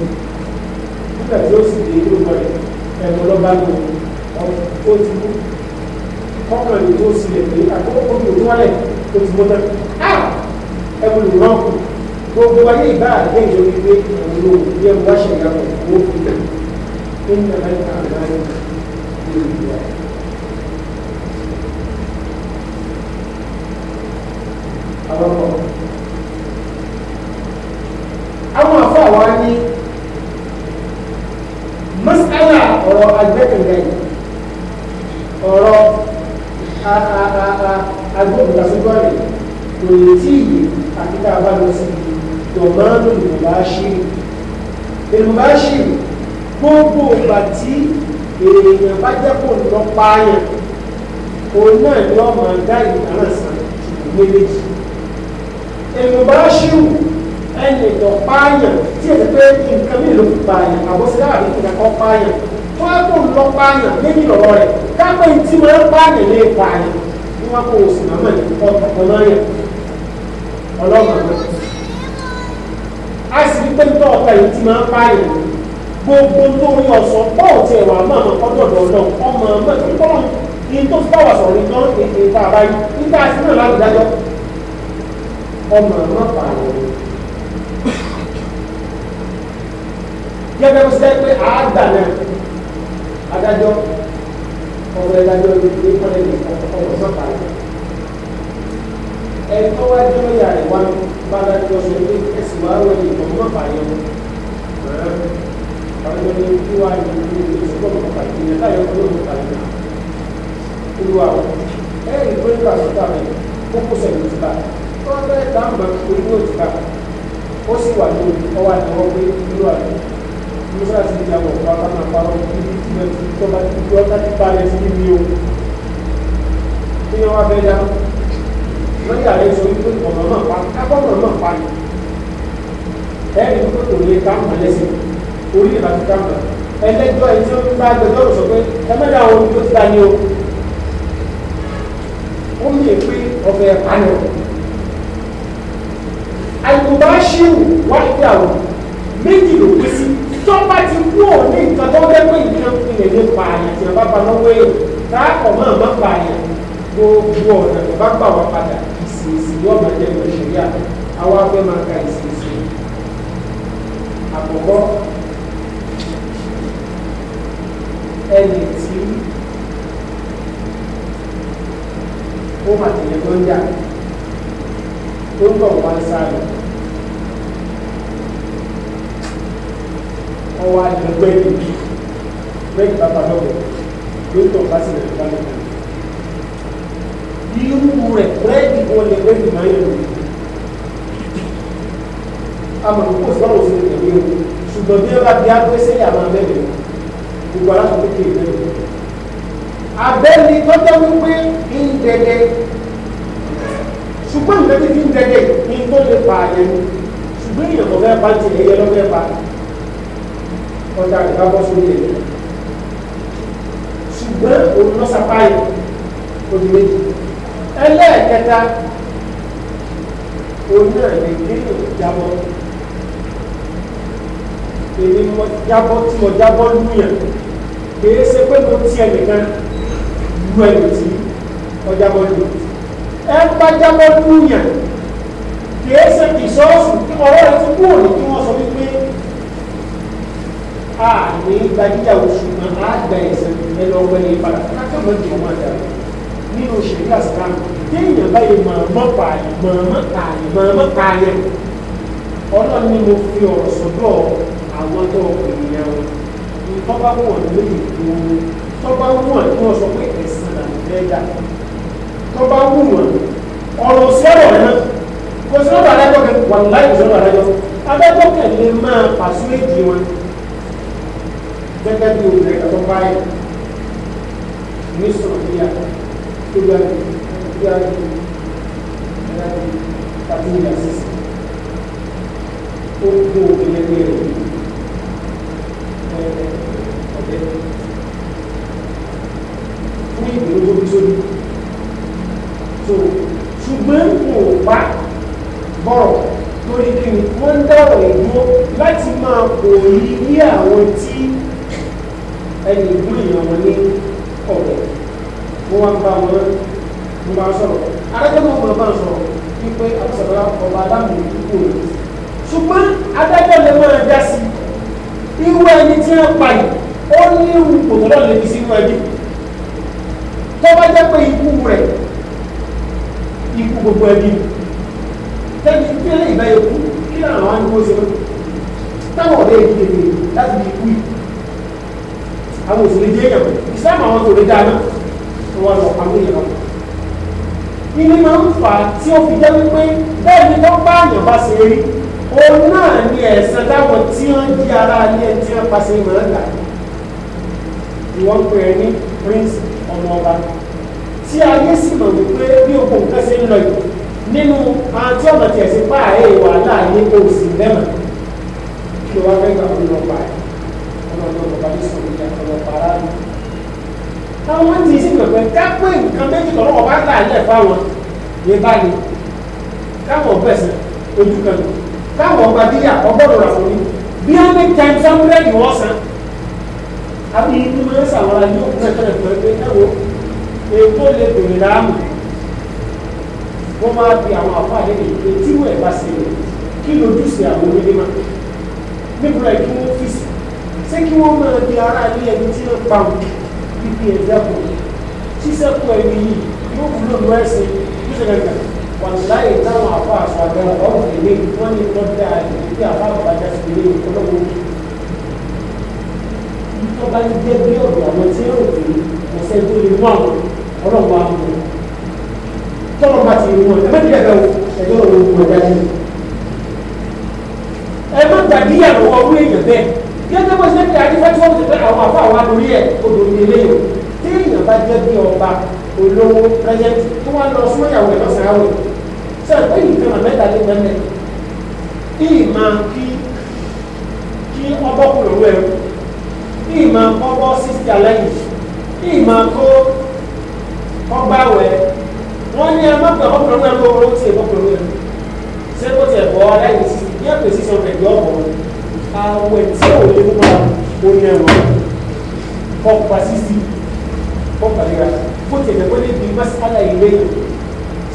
nígbà tí ó sì dé ìlú rẹ̀ ẹ̀rọ lọ́ba lò ó ti mú ọkàn lè tó sílẹ̀ pé àkókò mi ò tó wálẹ̀ ó ti mú tán á ẹ̀rọ lè máa kù gbogbo ayé ìbá àgbẹ̀ ìjọba ìgbé àwọn olóògùn bí ẹ̀rọ wá ṣẹ̀yà pọ̀ owó fi lẹ̀ ní ìjọba ìgbà àgbà rẹ̀ ní ìlú rẹ̀. àwọn ọkọ àwọn afọ àwọn ni masala ọ̀rọ̀ agbẹ́kẹ̀lẹ́ ọ̀rọ̀ agbóhùnlásójú rẹ̀ kò lè tí ìyè àti tá a bá lọ sí dọ̀mánù ìmọ̀láṣírì ìmọ̀láṣírì gbogbo ìgbà tí èèyàn bá jẹ́ kó lọ pààyàn òun náà ni dá ìdáná sàn ṣùgbọ́n èèyàn bá ṣírù ẹni ìtàn pààyàn tí èsì pé nǹkan mi ló fi pààyàn àbọ̀sílẹ̀ àbí nǹkan kan pààyàn tó á kó lọ pààyàn lẹ́yìn lọ́rọ́ rẹ̀ kápẹ́ tí máa pààyàn lè pààyàn ni wọ́n kó oṣù màmá ní ọ̀tọ̀kọ̀lọ́yàn ọlọ́gbọ̀n a sì rí pé nítorí ọ̀tá yìí ti máa ń pààyàn gbogbo tó rí ọ̀sán pọ́ọ̀tì ẹ̀wà máa mọ̀ kọ́dọ̀dọ̀ ọlọ́run ọmọ ọmọ ìpínlẹ̀ ní tó fi bá wà sọ̀rọ̀ nígbà ètò ìta ọmọ ọlọ́pàá yẹn gẹ́gẹ́ bí sẹ́ pé àágbà náà adájọ́ ọmọ ìdájọ́ ìdílé kọ́lẹ̀ nìkan ọmọ ọlọ́pàá yẹn ẹ̀kọ́ wá jẹ́ lóyà rẹ̀ wá bá adájọ́ sọ pé ẹ̀sìn máa wọ ní ọmọ ọlọ́pàá yẹn àwọn ọmọ ìlú wa ní ìlú ìṣòro ọlọ́pàá yẹn ní ẹ̀ka yẹn ọlọ́pàá yẹn olúwa ẹ̀rìn pé nígbà tó dà mí kókó sẹ̀yìn ti bá a tó ń bẹ́ẹ̀ dáhùn bá pé ní òjìká ó sì wà ní ọwà ní ọwọ́ pé nínú àjọ musa sì ní àwọn ọ̀pá bá máa parọ́ níbi tí wọ́n ti tọ́ bá ti tọ́ bá ti balẹ̀ sí ibi o kí wọ́n wá fẹ́ dá lọ́jà rẹ̀ sọ wípé ọ̀nà náà pa kábọ́nà náà pa ni ẹ̀rí tó kò lè ká mọ̀ lẹ́sìn orí ìlànà ká mọ̀ ẹlẹ́jọ́ ẹ̀ tí ó ń bá gbẹjọ́ sọ pé ẹ mẹ́ta àwọn olùdó ni o ó mì pé ọ̀fẹ́ ẹ̀ pa ni o àìkùbáṣíwù wáyà wò méjì ló pín sí tọ́ba ti kú ò ní nǹkan tó bẹ́ẹ̀ pé nǹkan ilẹ̀ ní pààyàn tí wọ́n bá pa lọ́wọ́ èèyàn tá a kọ̀ mọ́ àmọ́ pààyàn gbogbo ọ̀nà tó bá gbà wá padà ìsìnsìn yóò máa jẹ́ ìwé ìṣẹ̀lẹ̀ àná àwa fẹ́ máa ka ìsìnsìn àkọ́kọ́ ẹni tí ó mà tẹ̀lé lọ́jà tó ń bọ̀ wá sálẹ̀ ọwọ́ àdìgbẹ́ ìdí bẹ́ẹ̀ bàbá lọ́wọ́ ló ń tọ̀ bá sì rẹ̀ bá lọ́wọ́ irú rẹ̀ búrẹ́dì wo lè bẹ́ẹ̀dì máa yẹ̀ wò àmọ̀ kò sọ̀rọ̀ sí ìtẹ̀wé o ṣùgbọ́n bí wọ́n bá di agbésẹ́ yà máa bẹ̀rẹ̀ gbogbo aláṣọ kékeré bẹ̀rẹ̀ abẹ́ni tọ́jọ́ wípé ń dẹ̀dẹ̀ ṣùgbọ́n nǹkan tí fi ń dẹ́dẹ̀ ní tó lè pa àyẹ̀ ni ṣùgbọ́n èèyàn kò fẹ́ pa ti ẹyẹ lọ́fẹ́ pa ọjà ìgbà bọ́ sórí ẹ̀yẹ ṣùgbọ́n òun lọ́sàpá yìí òdì méjì ẹlẹ́ẹ̀kẹta òun náà lè gbé ìjábọ̀ èmi mo jábọ́ tí mo jábọ́ lúyàn kì í ṣe pé mo ti ẹnìkan lu ẹnì tí mo jábọ́ lù ẹ ń bá jábọ́ dúnyàn kìí ṣe ìṣọ́ọ̀ṣù ọ̀rọ̀ rẹ̀ ti kúrò ní kí wọ́n sọ wípé a ní gbajíjà oṣù náà á gba ẹ̀sẹ̀ ẹlọ ọgbẹ́ni ìpadà kákàmọ́ di ọmọ àjà nínú òṣèlú àsìkáàmù téèyàn báyìí mọ̀ọ́mọ́ pààyàn mọ̀ọ́mọ́ pààyàn mọ̀ọ́mọ́ pààyàn ọlọ́run ni mo fi ọ̀rọ̀ sọ́dọ̀ àwọn tó ènìyàn wọn tọ́ba wọn lórí ìgboro tọ́ba wọn ni wọ́n sọ pé ẹ̀sìn làwọn fẹ́ dà tó bá wù wọ́n ọ̀rọ̀ sí ọ̀rọ̀ náà kò sí ọ̀rọ̀ adájọ́ kan wà láì kò sí ọ̀rọ̀ adájọ́ adájọ́ kan lè máa pàṣẹ èdè wọn gẹ́gẹ́ bí obìnrin kan tó bá yẹ ní sọ̀rọ̀ bí yà tó bá yẹ tó bá yẹ tàbí ìyá sísè ó kó obìnrin ẹgbẹ́ rẹ̀ ọ̀dẹ́ fún ìgbèrú tó bí sórí tó ṣùgbọ́n kò bá bọ̀rọ̀ lórí kí ni wọ́n ń dáwọ̀ ìdúró láti máa kò yí ní àwọn tí ẹni ìgbọ́n èèyàn wọn ní ọ̀rẹ́ wọ́n wá ń bá wọn ń bá sọ̀rọ̀ adájọ́ mọ̀ bá sọ̀rọ̀ wípé àbúṣàbá ọba aláàmì ìdúgbò rẹ̀ ṣùgbọ́n adájọ́ lè máa dá sí irú ẹni tí wọ́n pa yìí ó ní ipò tó lọ́ọ́ lè fi sí irú ẹni tó bá jẹ́ pé ikú rẹ̀ ikú gbogbo ẹbí tẹ́jú tí ẹlẹ́ ìgbà ikú kí náà àwọn àdúgbò ṣe mọ́ táwọn ọ̀dẹ́ yìí tètè láti di ikú yìí àwọn òsèlè jẹ́ èèyàn Islam àwọn tó lè dáná wọn lọ àwọn èèyàn wọn. ilé máa ń fà á tí ó fi jẹ́ wípé bẹ́ẹ̀ ni tó bá àyàn bá ṣe rí òun náà ni ẹ̀sán táwọn tí wọ́n di ara ilé tí wọ́n pa ṣe máa ń gbà ni pè é ní prince ọmọ ọba tí ayé sì mọ̀ wípé bí oko nǹkan ṣe ń lọ yìí nínú àti ọ̀nà tí ẹ̀sìn pa ààyè ìwà láàyè òsì lẹ́mọ̀ kí ló wá fẹ́ gbà wọn lọ pa ẹ̀ ọlọ́dún ọ̀gá ní sọ̀rọ̀ ìjà ọlọ́pàá rárá. táwọn ti sì pẹ̀pẹ́ kápẹ́ nǹkan méjì tọ́lọ́wọ́ bá gbà lẹ̀ fáwọn ní báyìí káwọn bẹ̀sẹ̀ ojú kan lọ káwọn ọgbà bíyà ọgbọ́dọ̀ rà fún mi bí a ní times hundred wọ́n san àbí ìdúmọ̀ ètò lè bèrè láàmù wọ́n máa bi àwọn àfọ àlejò pé tí wọ́n ẹ̀ bá ṣe rẹ̀ kí lójú sí àwọn onílé-mọ̀ níbura ẹ̀ kí wọ́n fi sí ṣé kí wọ́n máa di ara ilé ẹni tí wọ́n pa òkè bíbí ẹ̀dá kù ṣíṣẹ́kù ẹni yìí yóò wúlò lọ ẹ̀sìn ní ṣẹlẹ̀gbà wọn láyé táwọn àfọ àṣọ àgbẹ̀rẹ̀ ọ̀hún ilé wọn ní lọ́dẹ àlè bí àfọ àbájá sí ilé ìkọlọ́wọ́ ìtọ́ba ń jẹ́ bí ọ̀dọ̀ àwọn tí ó rò pé ọ̀sẹ̀ tó lè mú àwọn ọlọ́run wa mú un tọ́lọ̀ bá ti mú un ẹ má díẹ̀ bẹ́ẹ̀ o ẹjọ́ lọ́wọ́ mú un dájú ẹ má dàbí àwọn ọrú èèyàn bẹ́ẹ̀ gẹ́gẹ́ bó ṣe ń darí fẹ́ tí wọ́n ti fẹ́ àwọn àfọ àwọn àlórí ẹ̀ obìnrin eléyìí tí èèyàn bá jẹ́ bí ọba olówó pẹ́sẹ́ntì tó wá lọ sún ìyàwó ẹ̀ lọ́sàn-án àwẹ̀ sẹ́yìn pé nǹkan àmẹ́ta ló gbẹ́mẹ̀ ìmọ̀ kí kí ọbọ̀kùnrin rẹ̀ ìmọ̀ ọbọ̀ sísí aláìsí ìmọ̀ kó ọgbà wẹ̀ wọ́n ní amágbà ọkùnrin náà ló wọ́n ti ẹ̀kọ́kùnrin náà ṣé kó tiẹ̀ bọ́ láyé sí ní àpè sí sọ pẹ̀lú ọ̀bọ̀ àwẹ̀ tí ò lè mú wa ó ní ẹ̀wọ̀n ọ̀pá sísì ọ̀pá rírà kó tiẹ̀ bẹ́ẹ̀ wọlé bí mọ́sálà ilé yìí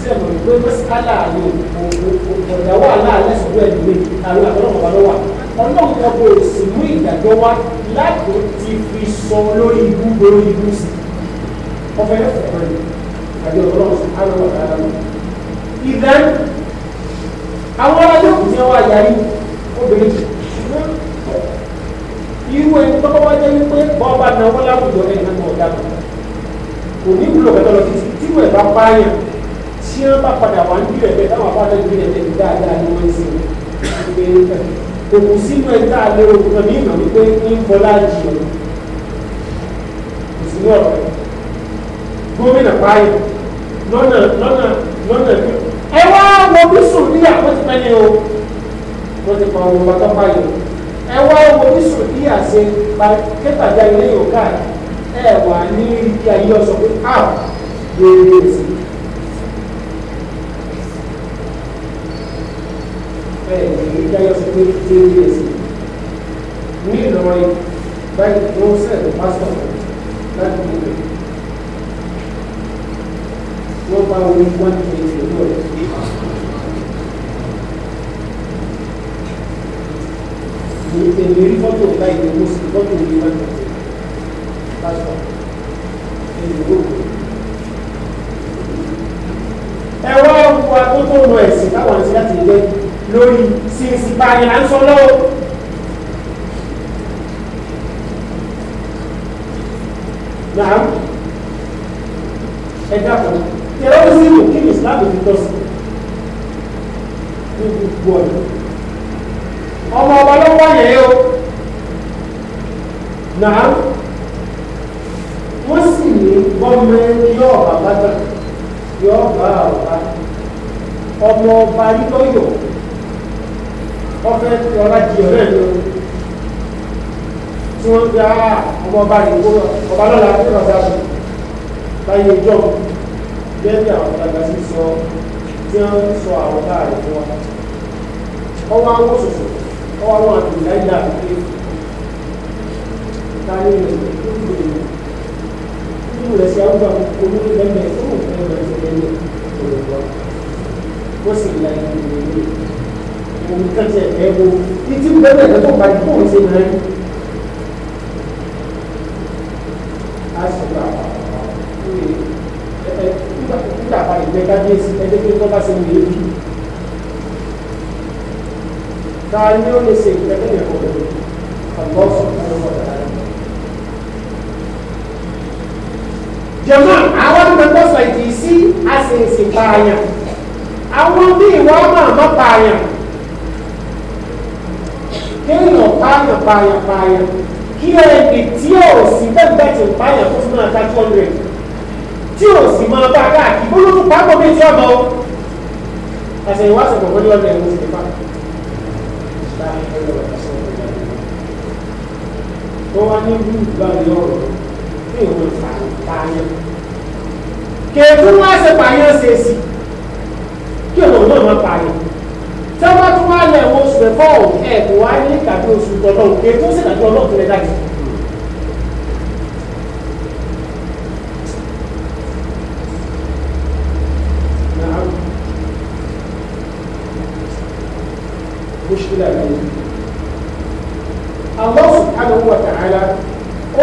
ṣé mo gbé mọ́sálà àlè ọ̀dà wà láàlẹ́ sọ̀rọ̀ ẹ̀ lè àlọ́ àtọ́nà ọlọ́run ọkọ̀ òsì mú ìdàgbọ́ láti fi sọ lórí ibú lórí ibú sí ọmọ yẹn fún ọmọ yìí àbí ọlọ́run sí àwọn ọ̀gá ara wọn. ìdán àwọn ọlọ́jọ́ kù ní ọwọ́ àyàrí obìnrin irú ẹni tọ́kọ́ wá jẹ́ wípé bọ́ọ̀bá náwó láwùjọ ní ìlànà ọ̀gá náà kò ní wúlò kẹtọ́ lọ títí tí wọ́n bá pààyàn tí wọ́n bá padà wà ń bí rẹ̀ bẹ́ẹ̀ táwọn abájọ́ ìbí rẹ̀ bẹ́ẹ̀ dáadáa ni wọ́n ń sìn kò kù sínú ẹ̀ tá a lérò kan ní ìmọ̀ wípé ń bọ́lá jì ọ́ kò ọ̀rọ̀ gómìnà báyìí lọ́nà lọ́nà lọ́nà ẹ wá wọ bí sùdíyà wọ́n ti pẹ́ni o wọ́n ti pa ọmọ bàtọ́ báyìí ẹ wá wọ bí sùdíyà ṣe pa kẹtàjà ilé yòókà ẹ wà ní ibi ayé ọsọ pé a béèrè sí ẹ ibi ní ìlọrin báyìí ló ń sẹ́ẹ̀dọ̀ pásítọ̀ láti bí wọ́n bá omi one twenty lọ́wọ́ sí. èmi rí fọ́tò ọ̀gá ìlú mo sì fọ́tò mi wá lásán èmi ò wò. ẹ wá ọkọ akókó lọ ẹ̀sìn táwọn àti láti ilé lórí sínsìn báyìí à ń sọ lọ́wọ́. Nàá ẹ dákun tẹrọrìsìmù kí ni islam ti tọ́ sí ní gbogbo ọ̀nà ọmọ ọba ló wọ́n yẹn yó náà wọ́n sì ní bọ́mọ yọ bàbá gbà yọ bá ọba ọmọ ọba yíyọ yọ ọfẹ ọlá di ọ̀rẹ́ mi o tí wọ́n gbé ọmọ ọba yìí wọ́n ọba lọ́la tó lọ́ọ́ dáa sí báyìí ojú gẹ́gẹ́ àwọn tàbí sí sọ tí wọ́n ń sọ àwọn láàrin fún wa ọwọ́ àwọn òṣòṣò ọwọ́ àwọn àdùn láìdá àdúgbò ìtàlẹ́ rẹ̀ lóògbé rẹ̀ nínú rẹ̀ sí àwọn àwọn olóògbé lẹ́mẹ̀ tó ń fẹ́ rẹ̀ sí lẹ́yìn òwúrọ̀ ó sì la ìlú rẹ̀ òun kẹ́tẹ̀ ẹ̀wò títí bẹ́ẹ̀ bẹ́ẹ̀ tó bá yìí kóun ṣe rẹ̀ á sọ̀rọ̀ àwọn. ààrẹ kábíyèsí ẹgbẹ́ pé kọ́ba ṣe wùlé bí ta ni ó lè ṣe ìpẹ́kẹ́ ìyẹn kọ̀ọ̀kan ọ̀gbọ́n fún ọ̀gbọ́n ọ̀gbọ́n jẹ̀mọ́ àwọn ọmọdé sọ ìdí sí àṣìṣe pààyàn àwọn bí ìwọ ọmọ àmọ́ pààyàn kéèyàn pààyàn pààyàn pààyàn kí ẹni tí ò sí bẹ́ẹ̀ bẹ́ẹ̀ ti pààyàn fún fún àtàkùn rẹ̀ tí ò sì máa bá káàkiri olóòtú pápọ̀ bíi tí ọmọ o àṣẹ ìwádìí ọ̀pọ̀ ní ọdún ẹ̀wọ̀n ti pa tó wá ní bí ìgbàlè ọ̀rọ̀ tí ìwọ̀n ìfàyàn kèéfún wá ṣe pààyàn ṣe sí kí ọ̀nà náà máa pààyàn tí wọ́n tún wá lẹ̀ wọ́n oṣù ẹ̀fọ́ ẹ̀ kò wá ní ìkàbí oṣù tọ́lọ́ọ̀ kèéfún sì kàbí ọlọ́ọ̀tún lẹ́dájú. مشكلة ليه الله سبحانه وتعالى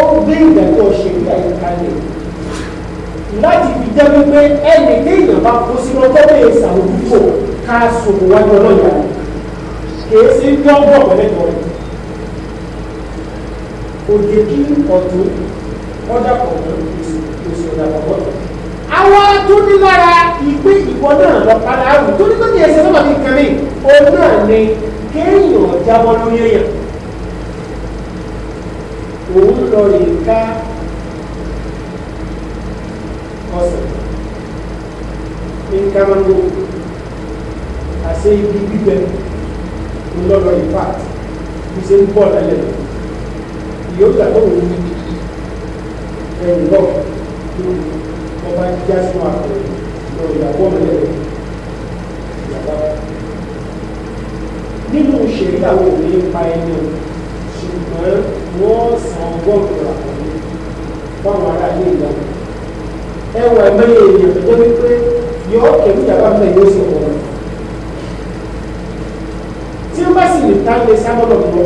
ó gbé ìgbàgbọ́ ṣèlú àyíkalẹ̀ láti fi jẹ́ wípé ẹnì kéèyàn bá kó sínú ọjọ́ bẹ́ẹ̀ ṣàwùjọ ká sòkò wájú ọlọ́yà kìí sí ní ọgbọ́n pẹ̀lẹ́tọ̀ rẹ̀ kò jẹ́ kí ọ̀tún ọ̀dà kọ̀ọ̀kan èsì ọ̀dà kọ̀ọ̀kan. àwọn atúndínlára ìpín ìwọ náà lọ padà àrùn tó ní tó ẹsẹ̀ sọ́mọ́ ní òun náà ni kéèyàn jábọ́ lórí èèyàn òun lọ lè ká ọ̀sẹ̀ ní kámánú àṣẹ ibi gbígbẹ ńlọ́lọ́ ìfà bí ṣe ń bọ̀ lálẹ́ yóò gbà tó wù ú ẹ̀rù lọ́ọ̀ tó ọba jásùn àpẹẹrẹ. ìyàwó ní pa ẹni o ṣùgbọ́n wọ́n san ọgọ́rùn-ún àkọ́lé fáwọn aráàlú ìyàwó ẹwà mẹ́rin èèyàn tó débi pé yọ kẹ̀mí ìyàwó mẹ́rin yóò sì wọ̀ tí ó bá sì lè ta lè sábọ̀dọ̀ lọ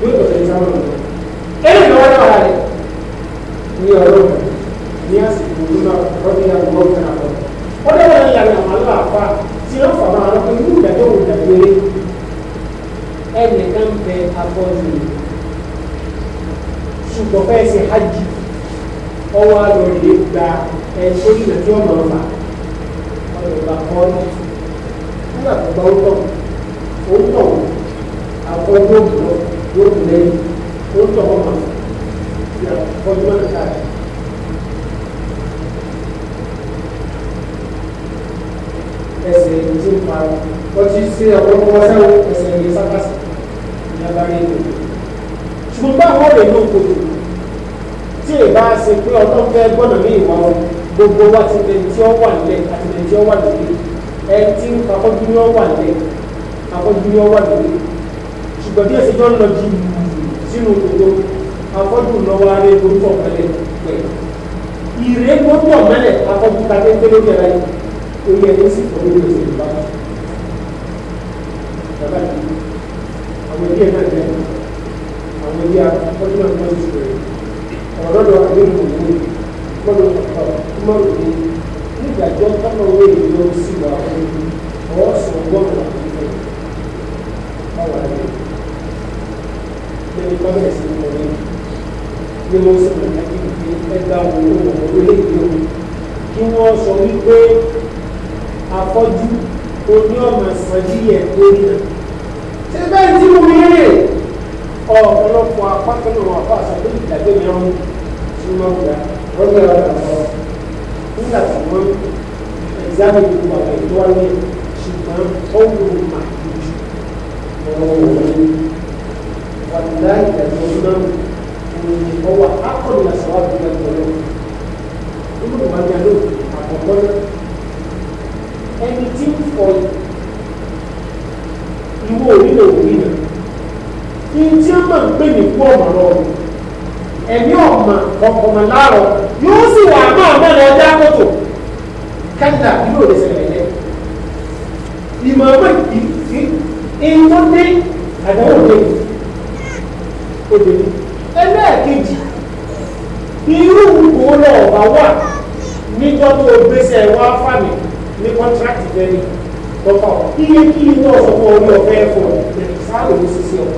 yóò tọ̀tẹ̀ lè sábọ̀dọ̀ lọ ẹ̀rìn lọ́wọ́ náà wà rẹ̀ ní ọ̀rọ̀ ní àsìkò ìgbà rọ́bì àwọn ọ̀gbìn àkọ́kọ́ ọ̀dọ́ wọn ni àwọn àlọ́ àfa tí wọ́n fà ẹnìkan bẹ abọ́ni ṣùgbọ́n fẹ́ ṣe hajj ọwọ́ àlọ́lẹ̀ gba ẹni tó yìnbọn tí wọ́n máa fà ọ̀dọ̀gba kọ́ni nígbà tó bá ó tọ̀ ó tọ̀ àkọ́ yóò dùn yóò dùn lẹ́yìn ó tọ̀ ọ́ màá yà káàkiri. ẹsẹ̀ ìdí ń pa ọtí sí ọ̀pọ̀lọpọ̀ ọ̀sẹ̀ ẹsẹ̀ ìdí sápásì bá rí ètò ṣùgbọ́n báwo lè ní òkòtò tí ìbá ṣe pé ọlọ́run fẹ́ gbọ́dọ̀ ní ìwà wọn gbogbo wa ti lè tí ó wà nílẹ̀ àti lè tí ó wà lórí ẹ tí akọ́jú ni ó wà nílẹ̀ akọ́jú ni ó wà lórí ṣùgbọ́n bí ẹ̀sìn tó ń lọ jù sínú òkòtò akọ́jú lọ́wọ́ ara ẹ̀ lórúkọ mẹ́lẹ̀ pẹ̀ ìrè gbọ́dọ̀ mẹ́lẹ̀ akọ́jú ta kékeré yẹra oyè ẹ̀ sì fọ́ lórí ẹ̀sìn ìbá àwọn ilé náà jẹ́ àwọn ilé akọ́jú náà wọ́n ti rẹ̀ ọ̀rọ̀ lọ àdéhùn òwúrò mọ́lù ọ̀pọ̀ mọ́lù ní nígbàjọ́ tọ́lọ̀ owó èyí lọ sí wa ọ̀rọ̀ sọ gbọ́dọ̀ àdéhùn ọ̀rọ̀ àdéhùn lẹ́yìn kọ́lẹ̀ sí ní ọ̀rẹ́ ní mo sì mọ̀ ní ìgbé ẹgbà òwúrò òwúrò èyí lọ kí wọ́n sọ wípé afọ́jú oní ọ̀nà sàn ṣe bẹ́ẹ̀ tí mo rí rè ọ̀pọ̀lọpọ̀ apákanú àbá àṣàbí ìdàgbé mi ọ̀hún tí wọ́n gbà lọ́gbẹ̀ ọ̀rọ̀ nígbà tí wọ́n ẹ̀zámi gbogbo àwọn ìlú wa ní ṣùgbọ́n ó wù ú mà lójú ọ̀rọ̀ òun wàlúùdá ìdàgbé náà òun ni ọ wà ákọ̀ọ̀nù àṣàwà ẹni tí ń fọ ìwọ onílò òní rẹ̀ ní tí ó mọ̀ ń pè ní kú ọ̀mọ̀ lọ ẹ̀mí ọ̀mọ̀ ọ̀pọ̀mọ̀ láàrọ̀ yóò sì wà máa mọ̀ lọ dá kótó kẹ́ńtà ìlú òde sẹ̀lẹ̀ lẹ́ ìmọ̀ ọmọ ìdí ìtọ́ dé àdáwò dé obìnrin ẹlẹ́ẹ̀kejì irú wo lọ́ọ̀ bá wà níjọ́ tó gbéṣẹ́ wá fàmì ní kọ́ńtrákì jẹ́ni lọ́fà iye kí inú ọ̀sọ̀kọ̀ orí ọ̀fẹ́ ẹ̀fọ́ sáàlù ló ṣiṣẹ́ ọ̀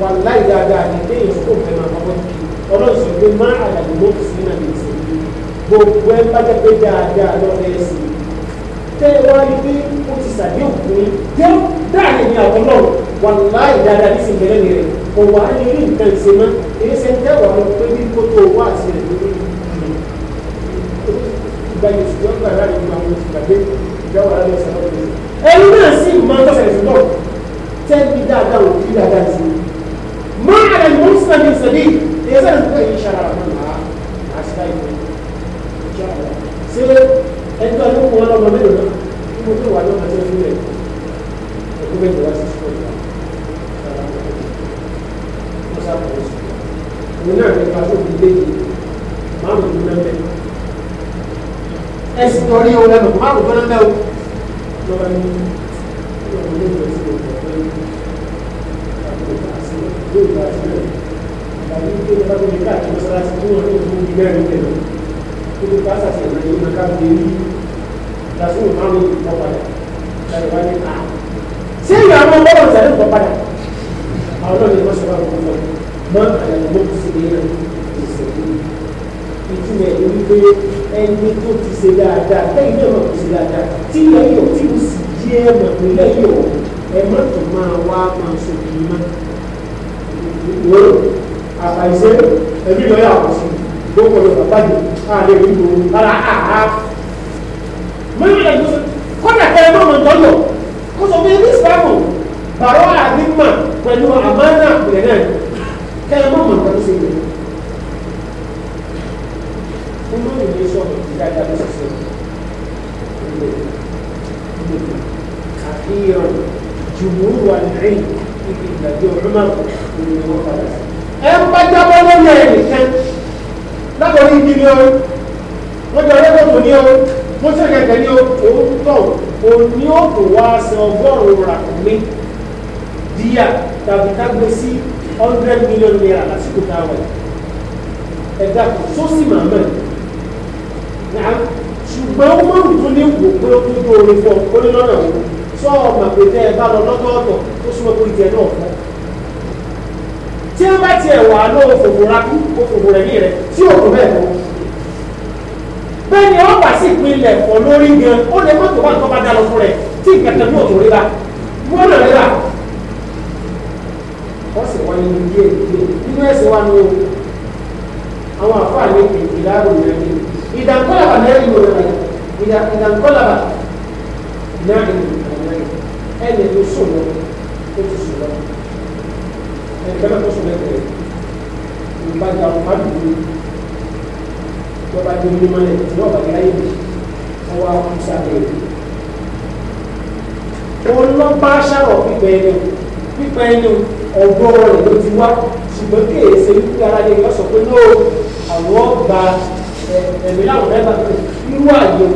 wà láì dáadáa ní ilé ìyẹn fún ìfẹ́ máa kọ́kọ́ kí ọlọ́run sọ pé má àlàyé ló kù sí náà lè ṣe gbogbo ẹ bá jẹ́ pé dáadáa lọ́fẹ́ ẹ̀sìn tẹ́ ẹ wá rí pé ó ti sàdé òkùnrin jẹ́ dáàrin ní àwọn náà wà láì dáadáa ní ìsìn mẹ́rẹ́ni rẹ̀ kò wá ní rí nǹkan ṣe mọ́ ń tẹ́wàá lọ pé bí kó tó wá àti rẹ̀ lórí ìgbà yìí ṣùgbọ́n gbàrà ìgbà wọn ti gbàgbé ìgbà wà lọ́sàn-án lọ́sàn-án ẹni náà sì máa ń tọ́sẹ̀ ìṣúná tẹ́lifí dáadáa ò fi dáadáa sí i mọ́ àlẹ́ mọ́ sàbí sàbí èyí sàbí sàbí yìí ṣara àwọn àmà àṣìlá ìwé ìjà àwọn ṣé ẹni tó àdúgbò wọn lọ́mọ mélòó náà kí mo tó wà ní ọ̀nà tó fi rẹ̀ ẹ̀kú méjì wá sí sùkúrù ìgbà mo sábà wọ sùkúrù òun tó fi dé yìí márùn-ún náà mẹ́rin ẹ̀sìn lọ́ba ní ọmọ ilé ìjọsìn ọ̀pọ̀ pé àpò àti ilé ìgbà sílẹ̀ àbí ilé ìjọba tó lè káàkiri mọ́sálásí tí wọ́n tó fún ilé ẹ̀rí tẹ̀lé tó lè pàṣẹ àti ẹ̀rọ yìí máa káàkiri rí lásìkò márùn ìtọ́ padà láì wá ní àá. ṣé ìyá àwọn ọlọ́run tẹ̀lé ìtọ́ padà àwọn ọlọ́run ni wọ́n ṣe wá lọ́wọ́ mọ́ àyàwó mọ́kùsí ní ẹ̀rọ ìṣẹ̀lẹ̀ ìtumọ̀ ẹ̀ ní pé ẹni tó ti ṣe dáadáa lẹ́yìn náà ti ṣe dáadáa tí lẹ́yìn ò tí ò sì jí ẹ mọ̀ pé lẹ́yìn ò ẹ má tó máa wá máa sọ kì í má. ìwé àbàìṣe ẹbí lọ́yà àkọsí gbogbo ọ̀dọ̀ bàbáyé àlè ìlú ara àhá. mo ní ẹ̀gbọ́n sọ kọ́nà kẹ́ ẹ má mọ̀ lọ́yọ̀ kó sọ pé ní ìsìlámù bàrọ́ àdínmà pẹ̀lú àmánà ìrẹ̀ náà kẹ́ ẹ má mọ̀ lọ́yọ̀ nínú relation ìdájá ló ṣiṣẹ́ ilé ilé kàfíìràn jùmùú wà lẹ́yìn ibi ìgbàgbé ọ̀rọ̀mà òní ni wọ́n padà sí. ẹ ń bá jábọ́ lọ́nà ẹ̀nìkan látọ̀rí ibi ni ó wọ́n jọ ọlọ́dọ̀tò ní ó wọ́n sì kẹ̀kẹ́ ní òun tọ̀ òní ó kò wá san ọgọ́rùn-ún ràkúnmí díà tàbí ká gbé sí hundred million naira lásìkò táwọn ẹ̀ dàpọ̀ sósì màmá yìí ṣùgbọ́n ó mọ̀ nǹkan ní wò pé ó tó orin fún ọ ní lọ́nà òun sọ ọmọ pé tẹ́ ẹ bá lọ lọ́tọ̀ọ̀tọ̀ tó súnmọ́ pé ìjẹ náà fún tí wọ́n bá tiẹ̀ wà á lọ́wọ́ fòfò rákú ó fòfò rẹ̀ ní rẹ̀ tí ò kò bẹ́ẹ̀ lọ. bẹ́ẹ̀ ni wọ́n wà sí ìpínlẹ̀ ọ̀ lórí gan ó lè mọ́tò wà tó bá dá lọ fún rẹ̀ tí ìkẹtẹ̀ náà tó rí bá wọ́n lọ rẹ̀ sì wọ́n ní díẹ̀ díẹ̀ o àwọn àfáà ní إذا انقلب نائم إذا إذا انقلب نائم أن يوصل يوصل كما توصل إليه بعد أربعة وبعد من مالك وبعد غيره هو مسافر òun lọ bá ṣàrọ̀ pípẹ́ ẹni pípẹ́ ẹni ọ̀gbọ́n rẹ̀ ló ti wá ṣùgbọ́n kèé ṣe wípé ara lè yọ sọ pé lóò àwọn gba ẹ̀mí láwọn ẹ̀bà pé irú àyè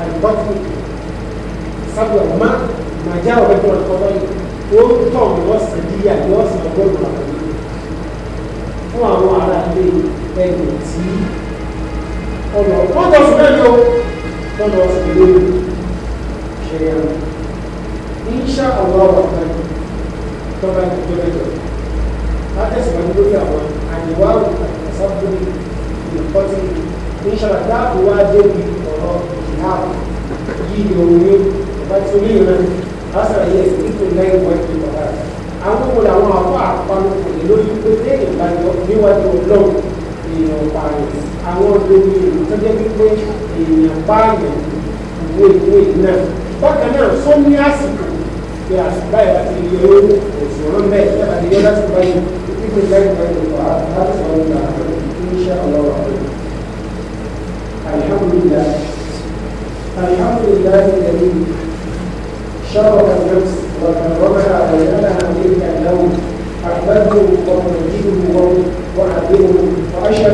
àlùbọ́tì sábà má má já ọ̀rẹ́ tó ọ̀rẹ́ kọ́kọ́ yìí ó ń tọ̀ wọ́n sàn bí àyè ọ̀sán ọgọ́rùn-ún àkàlẹ́ fún àwọn ará ilé ẹgbẹ̀ tí Allah rahman tọ́ba ìjọba ìjọba látẹ̀síwájú lórí àwọn àyẹ̀wò àwọn àtàkùn sábúrú ìkọ́tí inṣọ́lá dáàbò wá débi ọ̀rọ̀ ìhàbò yìí ni òun ní ọba tí ó ní ìran lásán yẹ ìpínlẹ̀ lẹ́yìn wọn ti bàbá rẹ̀ àwọn òun làwọn àpò àpamọ́ kò ní lórí pé lẹ́yìn ìbájọ́ níwájú ọlọ́run èèyàn pààyàn àwọn olórí ìlú tó jẹ́ wípé èèyàn pààyàn ìwé ìwé náà bákan náà só ní àsìkò pé àsìkò báyìí láti rí owó òṣùwọ̀n mẹ́ẹ̀ẹ́dẹ́gbàdéyọ́ láti báyìí ìpínlẹ̀ lẹ́yìn wọn ti bàbá rẹ̀ láti sọ̀rọ̀ الله الحمد لله الحمد لله الذي شرف النفس وكرمها علينا تلك النوم احمده ومجيده وأعبده واشهد